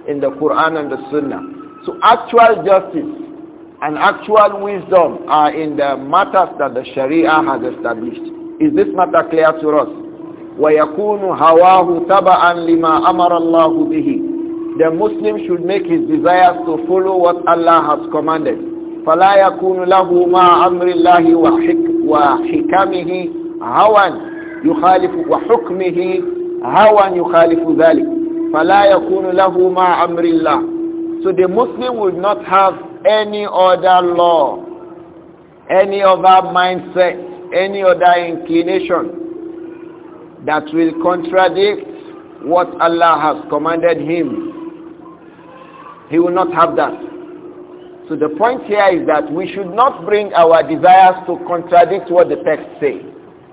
in the Quran and the Sunnah. So actual justice and actual wisdom are in the matters that the Sharia has established. Is this matter clear to us? ويكون هواه تبعا لما أمر الله به the Muslim should make his desires to follow what Allah has commanded فلا يكون له مع أمر الله وحكمه هوى يخالف وحكمه هوى يخالف ذلك فلا يكون له مع أمر الله so the Muslim would not have any other law any other mindset any other inclination that will contradict what Allah has commanded him. He will not have that. So the point here is that we should not bring our desires to contradict what the text says.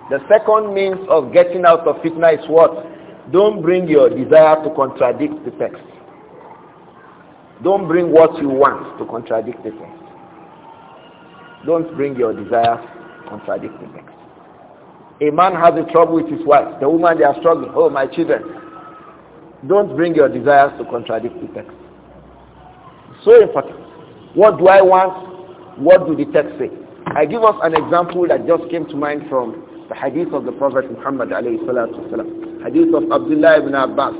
The second means of getting out of fitna is what? Don't bring your desire to contradict the text. Don't bring what you want to contradict the text. Don't bring your desire to contradict the text. A man has a trouble with his wife. The woman, they are struggling. Oh, my children. Don't bring your desires to contradict the text. So important. What do I want? What do the text say? I give us an example that just came to mind from the hadith of the Prophet Muhammad alayhi salatu wasalam. Hadith of Abdullah ibn Abbas.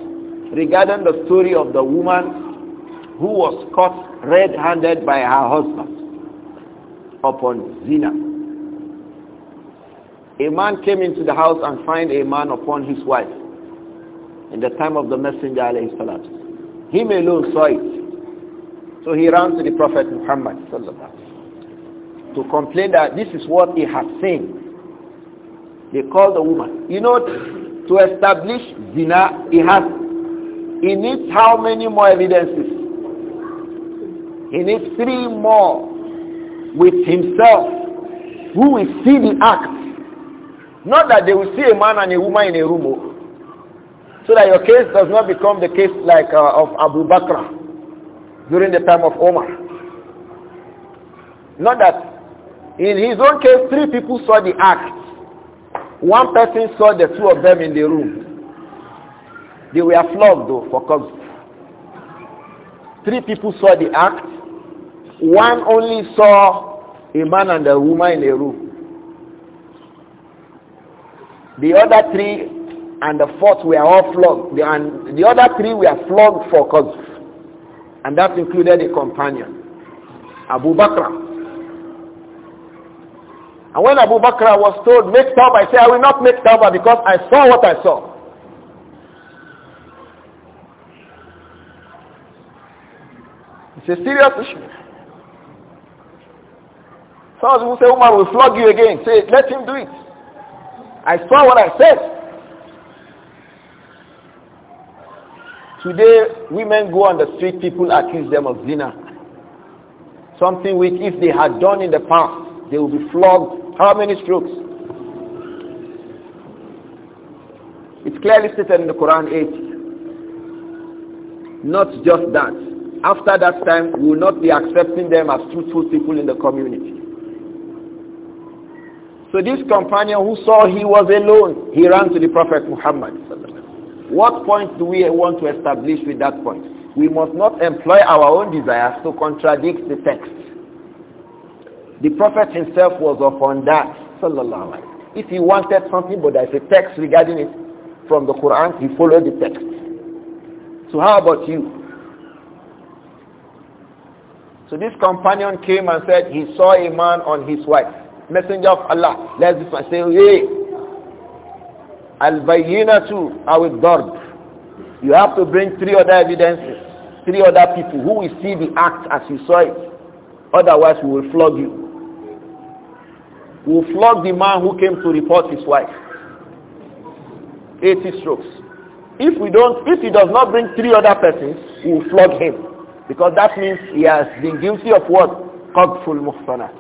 Regarding the story of the woman who was caught red-handed by her husband upon zina a man came into the house and find a man upon his wife in the time of the Messenger alayhi salatu. Him alone saw it. So he ran to the Prophet Muhammad sallallahu to complain that this is what he had seen. They called the woman. You know, to establish zina, he has, he needs how many more evidences? He needs three more with himself who will see the act not that they will see a man and a woman in a room, oh. so that your case does not become the case like uh, of Abu Bakr during the time of Omar. Not that in his own case three people saw the act. One person saw the two of them in the room. They were flogged though for cause. Three people saw the act. One only saw a man and a woman in a room. The other three and the fourth were all flogged. and the other three were flogged for cause. And that included a companion, Abu Bakr. And when Abu Bakr was told, make tawbah, I said, I will not make tawbah because I saw what I saw. It's a serious issue. Some people say, Umar will flog you again. Say, let him do it. I saw what I said. Today, women go on the street, people accuse them of zina. Something which if they had done in the past, they would be flogged. How many strokes? It's clearly stated in the Quran 8. Not just that. After that time, we will not be accepting them as truthful people in the community. So this companion who saw he was alone, he ran to the Prophet Muhammad. What point do we want to establish with that point? We must not employ our own desires to contradict the text. The Prophet himself was upon that. If he wanted something but there's a text regarding it from the Quran, he followed the text. So how about you? So this companion came and said he saw a man on his wife messenger of Allah. Let's say, hey, al-bayyinatu our God. You have to bring three other evidences, three other people who will see the act as you saw it. Otherwise, we will flog you. We will flog the man who came to report his wife. 80 strokes. If we don't, if he does not bring three other persons, we will flog him. Because that means he has been guilty of what? Qadful muhsanat.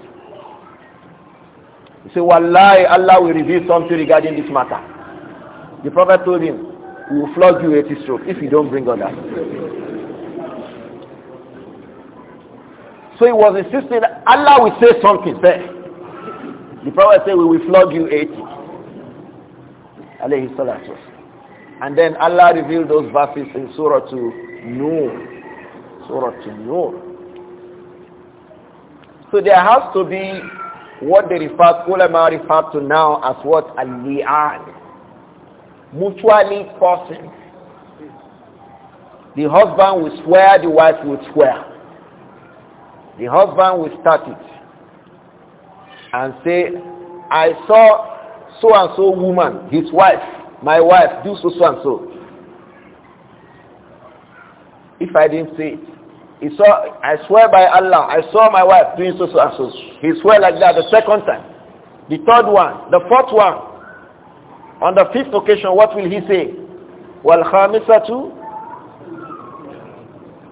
Say, Wallahi, Allah will reveal something regarding this matter. The Prophet told him, we will flog you 80 strokes if you don't bring others. So he was insisting Allah will say something there. The Prophet said, we will flog you 80. Alayhi salatu And then Allah revealed those verses in Surah to Noor. Surah to So there has to be what they refer ulama refer to now as what al-li'an mutually causing the husband will swear the wife will swear the husband will start it and say i saw so and so woman his wife my wife do so so and so if i didn't say it he saw, I swear by Allah, I saw my wife doing so, so and so. He swear like that the second time. The third one, the fourth one. On the fifth occasion, what will he say? والخامسة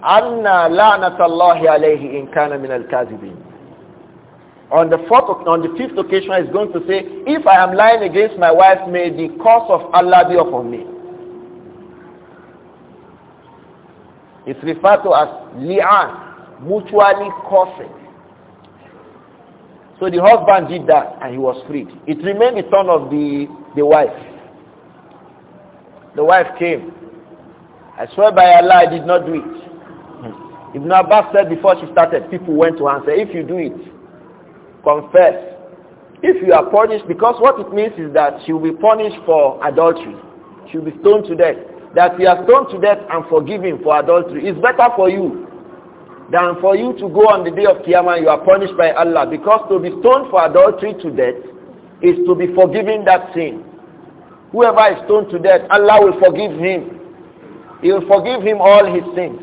أن لعنة الله in kana min al kazibin. on the fourth on the fifth occasion is going to say if i am lying against my wife may the curse of allah be upon me It's referred to as li'an, mutually cursing. So the husband did that and he was freed. It remained the turn of the, the wife. The wife came. I swear by Allah I did not do it. Hmm. Ibn Abbas said before she started, people went to her and said, if you do it, confess. If you are punished, because what it means is that she will be punished for adultery. She will be stoned to death that he are stoned to death and forgiven for adultery is better for you than for you to go on the day of Qiyamah you are punished by Allah because to be stoned for adultery to death is to be forgiven that sin. Whoever is stoned to death, Allah will forgive him. He will forgive him all his sins.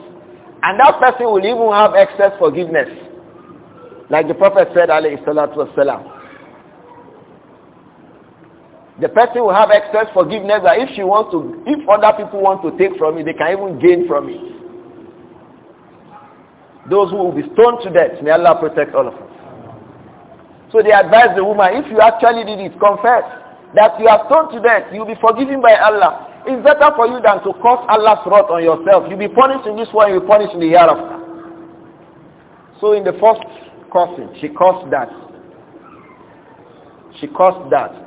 And that person will even have excess forgiveness. Like the Prophet said, alayhi salatu wasalam, the person will have excess forgiveness that if she wants to, if other people want to take from it, they can even gain from it. Those who will be stoned to death, may Allah protect all of us. So they advise the woman, if you actually did it, confess that you are stoned to death, you'll be forgiven by Allah. It's better for you than to cause Allah's wrath on yourself. You'll be punished in this one, you'll be punished in the hereafter. So in the first cursing, she cursed that. She cursed that.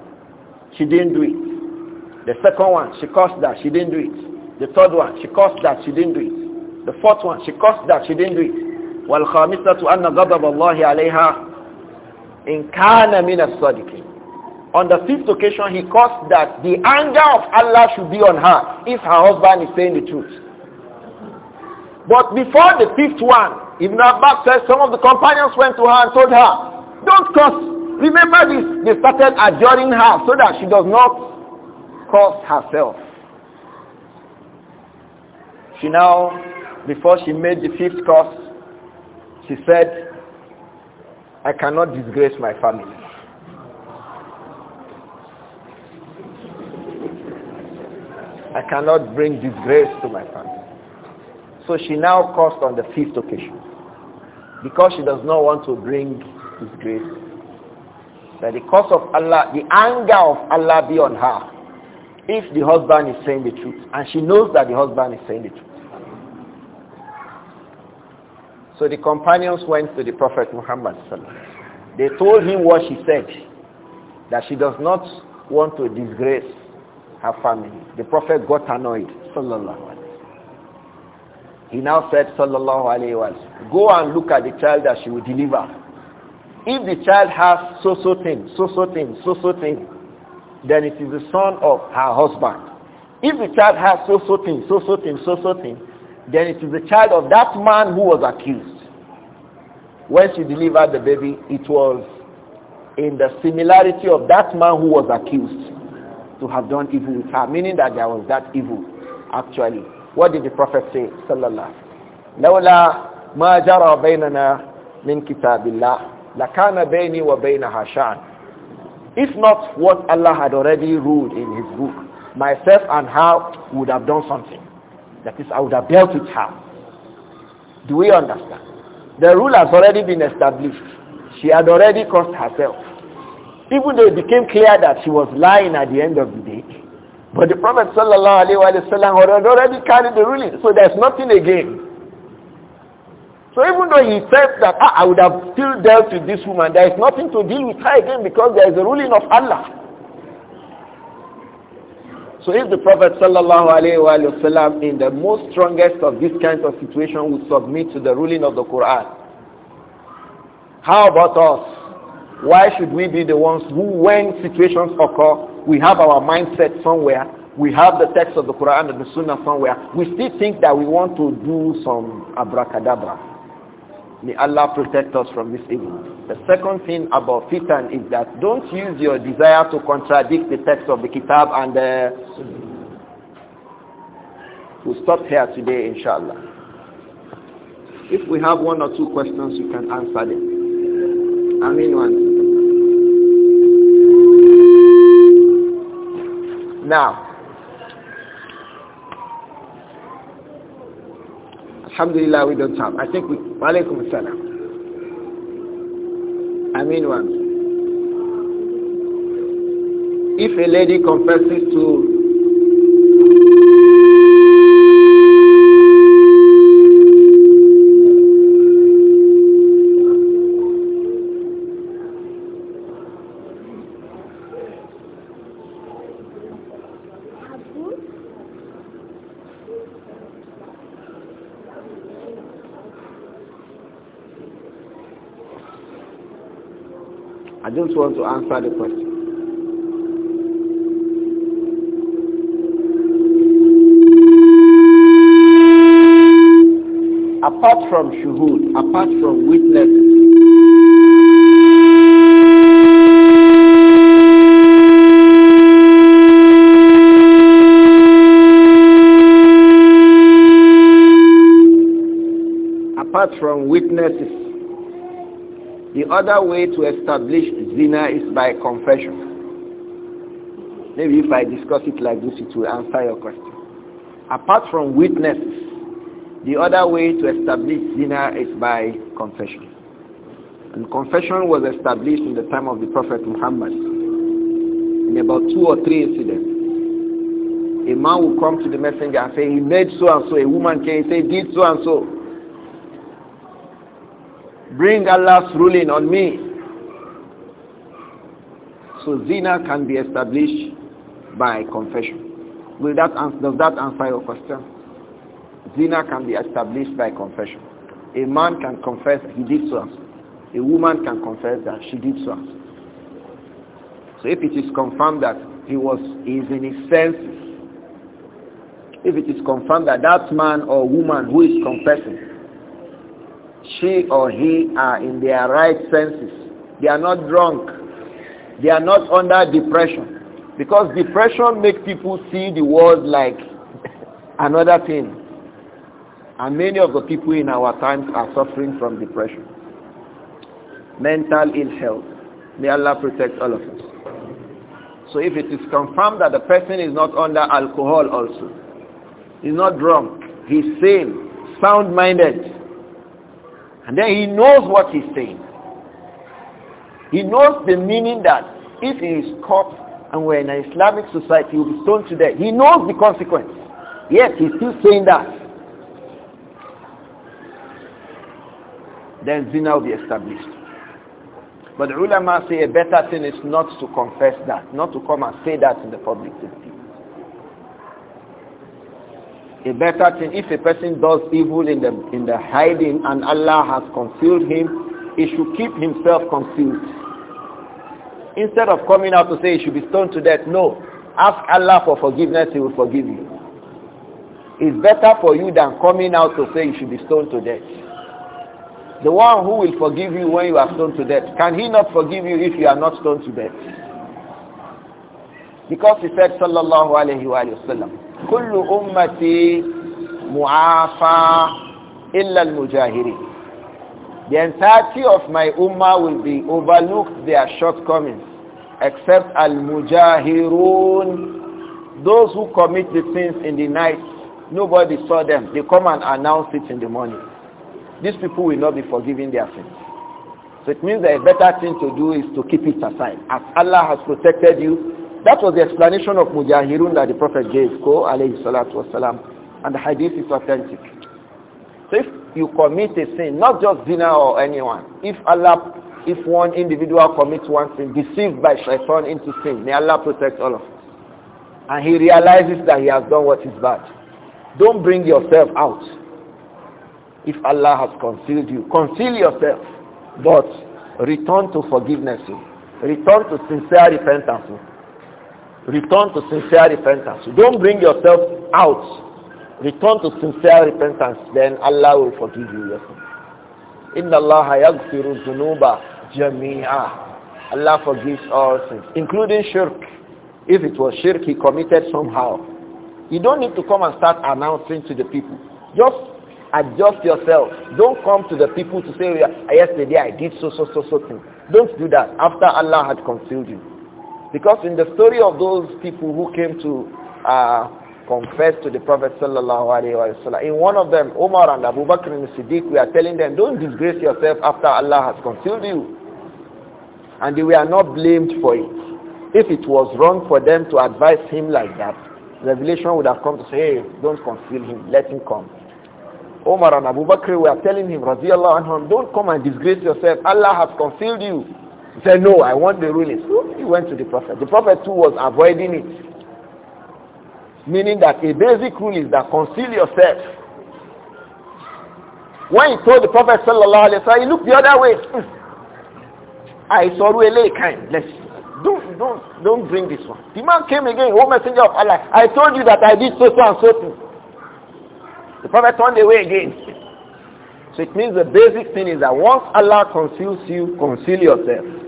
She didn't do it. The second one, she caused that. She didn't do it. The third one, she caused that. She didn't do it. The fourth one, she caused that. She didn't do it. وَالْخَامِسَةُ أَنَّ غَضَبَ اللَّهِ عَلَيْهَا إِنْ كَانَ مِنَ الصَّادِقِينَ On the fifth occasion, he caused that the anger of Allah should be on her if her husband is saying the truth. But before the fifth one, Ibn Abbas said some of the companions went to her and told her, don't curse Remember this, they started adjuring her so that she does not curse herself. She now, before she made the fifth curse, she said, I cannot disgrace my family. I cannot bring disgrace to my family. So she now cursed on the fifth occasion because she does not want to bring disgrace that the curse of Allah, the anger of Allah be on her if the husband is saying the truth and she knows that the husband is saying the truth. So the companions went to the Prophet Muhammad. They told him what she said, that she does not want to disgrace her family. The Prophet got annoyed. He now said, Sallallahu Alaihi Wasallam, go and look at the child that she will deliver. If the child has so-so thing, so-so thing, so-so thing, then it is the son of her husband. If the child has so-so thing, so-so thing, so-so thing, then it is the child of that man who was accused. When she delivered the baby, it was in the similarity of that man who was accused to have done evil with her, meaning that there was that evil, actually. What did the Prophet say? Sallallahu. لولا ما جرى بيننا من كتاب الله لَكَانَ wa وَبَيْنَهَا hashan. If not what Allah had already ruled in his book, myself and her would have done something. That is, I would have dealt with her. Do we understand? The rule has already been established. She had already crossed herself. Even though it became clear that she was lying at the end of the day, but the Prophet wasallam had already carried the ruling, so there's nothing again. So even though he felt that ah, I would have still dealt with this woman, there is nothing to deal with her again because there is a ruling of Allah. So if the Prophet wasallam in the most strongest of this kind of situation would submit to the ruling of the Quran, how about us? Why should we be the ones who, when situations occur, we have our mindset somewhere, we have the text of the Quran and the Sunnah somewhere, we still think that we want to do some abracadabra. May Allah protect us from this evil. The second thing about fitan is that don't use your desire to contradict the text of the kitab and the... We'll stop here today, inshallah. If we have one or two questions, you can answer them. I mean one. Now, Alhamdulillah, we don't have. I think we, Walaikum Salam. I mean one. If a lady confesses to I just want to answer the question. Apart from shuhud, apart from witnesses, apart from witnesses. The other way to establish zina is by confession. Maybe if I discuss it like this, it will answer your question. Apart from witnesses, the other way to establish zina is by confession. And confession was established in the time of the Prophet Muhammad in about two or three incidents. A man will come to the messenger and say, he made so and so. A woman can say, did so and so. Bring Allah's ruling on me. So zina can be established by confession. Will that answer, does that answer your question? Zina can be established by confession. A man can confess he did so. A woman can confess that she did so. So if it is confirmed that he was he is in his senses, if it is confirmed that that man or woman who is confessing, she or he are in their right senses, they are not drunk, they are not under depression. Because depression makes people see the world like another thing. And many of the people in our times are suffering from depression. Mental ill health. May Allah protect all of us. So if it is confirmed that the person is not under alcohol also, he's not drunk, he's sane, sound-minded, and then he knows what he's saying. He knows the meaning that if he is caught and we're in an Islamic society, he will be stoned to death. He knows the consequence. Yet he's still saying that. Then zina will be established. But the ulama say a better thing is not to confess that, not to come and say that in the public to the people. A better thing, if a person does evil in the, in the hiding and Allah has concealed him, he should keep himself concealed. Instead of coming out to say he should be stoned to death, no. Ask Allah for forgiveness, he will forgive you. It's better for you than coming out to say you should be stoned to death. The one who will forgive you when you are stoned to death, can he not forgive you if you are not stoned to death? Because he said, sallallahu alayhi wa sallam, كل أمتي معافى إلا المجاهرين the entirety of my ummah will be overlooked their shortcomings, except al-mujahirun, those who commit the sins in the night. Nobody saw them. They come and announce it in the morning. These people will not be forgiven their sins. So it means the better thing to do is to keep it aside. As Allah has protected you, that was the explanation of mujahirun that the Prophet gave, ko alayhi salatu wasalam, and the hadith is authentic. So if you commit a sin, not just dinner or anyone. If Allah, if one individual commits one sin, deceived by shaitan into sin, may Allah protect all of us. And he realizes that he has done what is bad. Don't bring yourself out. If Allah has concealed you, conceal yourself. But return to forgiveness. Return to sincere repentance. Return to sincere repentance. Don't bring yourself out Return to sincere repentance, then Allah will forgive you your sin. Inna Allah yaghfiru dhunuba jamia. Allah forgives all sins, including shirk. If it was shirk he committed somehow. You don't need to come and start announcing to the people. Just adjust yourself. Don't come to the people to say, oh, yesterday I did so, so, so, so thing. Don't do that after Allah had concealed you. Because in the story of those people who came to uh, confessed to the Prophet sallallahu alaihi wasallam. In one of them, Umar and Abu Bakr and Siddiq we are telling them, don't disgrace yourself after Allah has concealed you. And they were not blamed for it. If it was wrong for them to advise him like that, revelation would have come to say, hey, don't conceal him, let him come. Umar and Abu Bakr were telling him, radiallahu anhum, don't come and disgrace yourself. Allah has concealed you. He said, no, I want the rulings. So he went to the Prophet. The Prophet too was avoiding it. Meaning that a basic rule is that conceal yourself. When he told the Prophet sallallahu alaihi wasallam, he looked the other way. Hmm. I saw a lay kind. let don't don't don't bring this one. The man came again, oh messenger of Allah. I told you that I did so so and so too. The Prophet turned away again. So it means the basic thing is that once Allah conceals you, conceal yourself.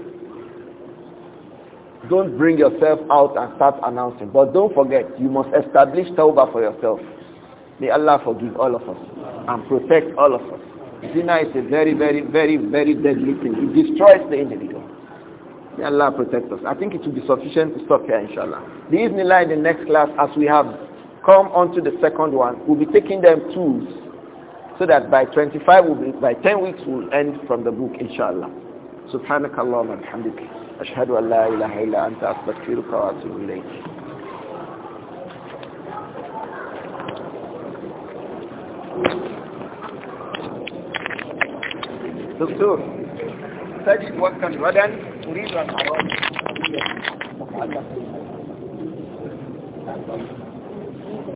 Don't bring yourself out and start announcing. But don't forget, you must establish tawbah for yourself. May Allah forgive all of us and protect all of us. Zina is a very, very, very, very deadly thing. It destroys the individual. May Allah protect us. I think it will be sufficient to stop here, inshallah. These evening in the next class, as we have come on to the second one, we'll be taking them tools so that by 25, we'll be, by 10 weeks, we'll end from the book, inshallah. سبحانك اللهم وبحمدك أشهد أن لا إله إلا أنت أستغفرك وأتوب إليك دكتور تجد وقتا غدا أريد أن أراك متعلق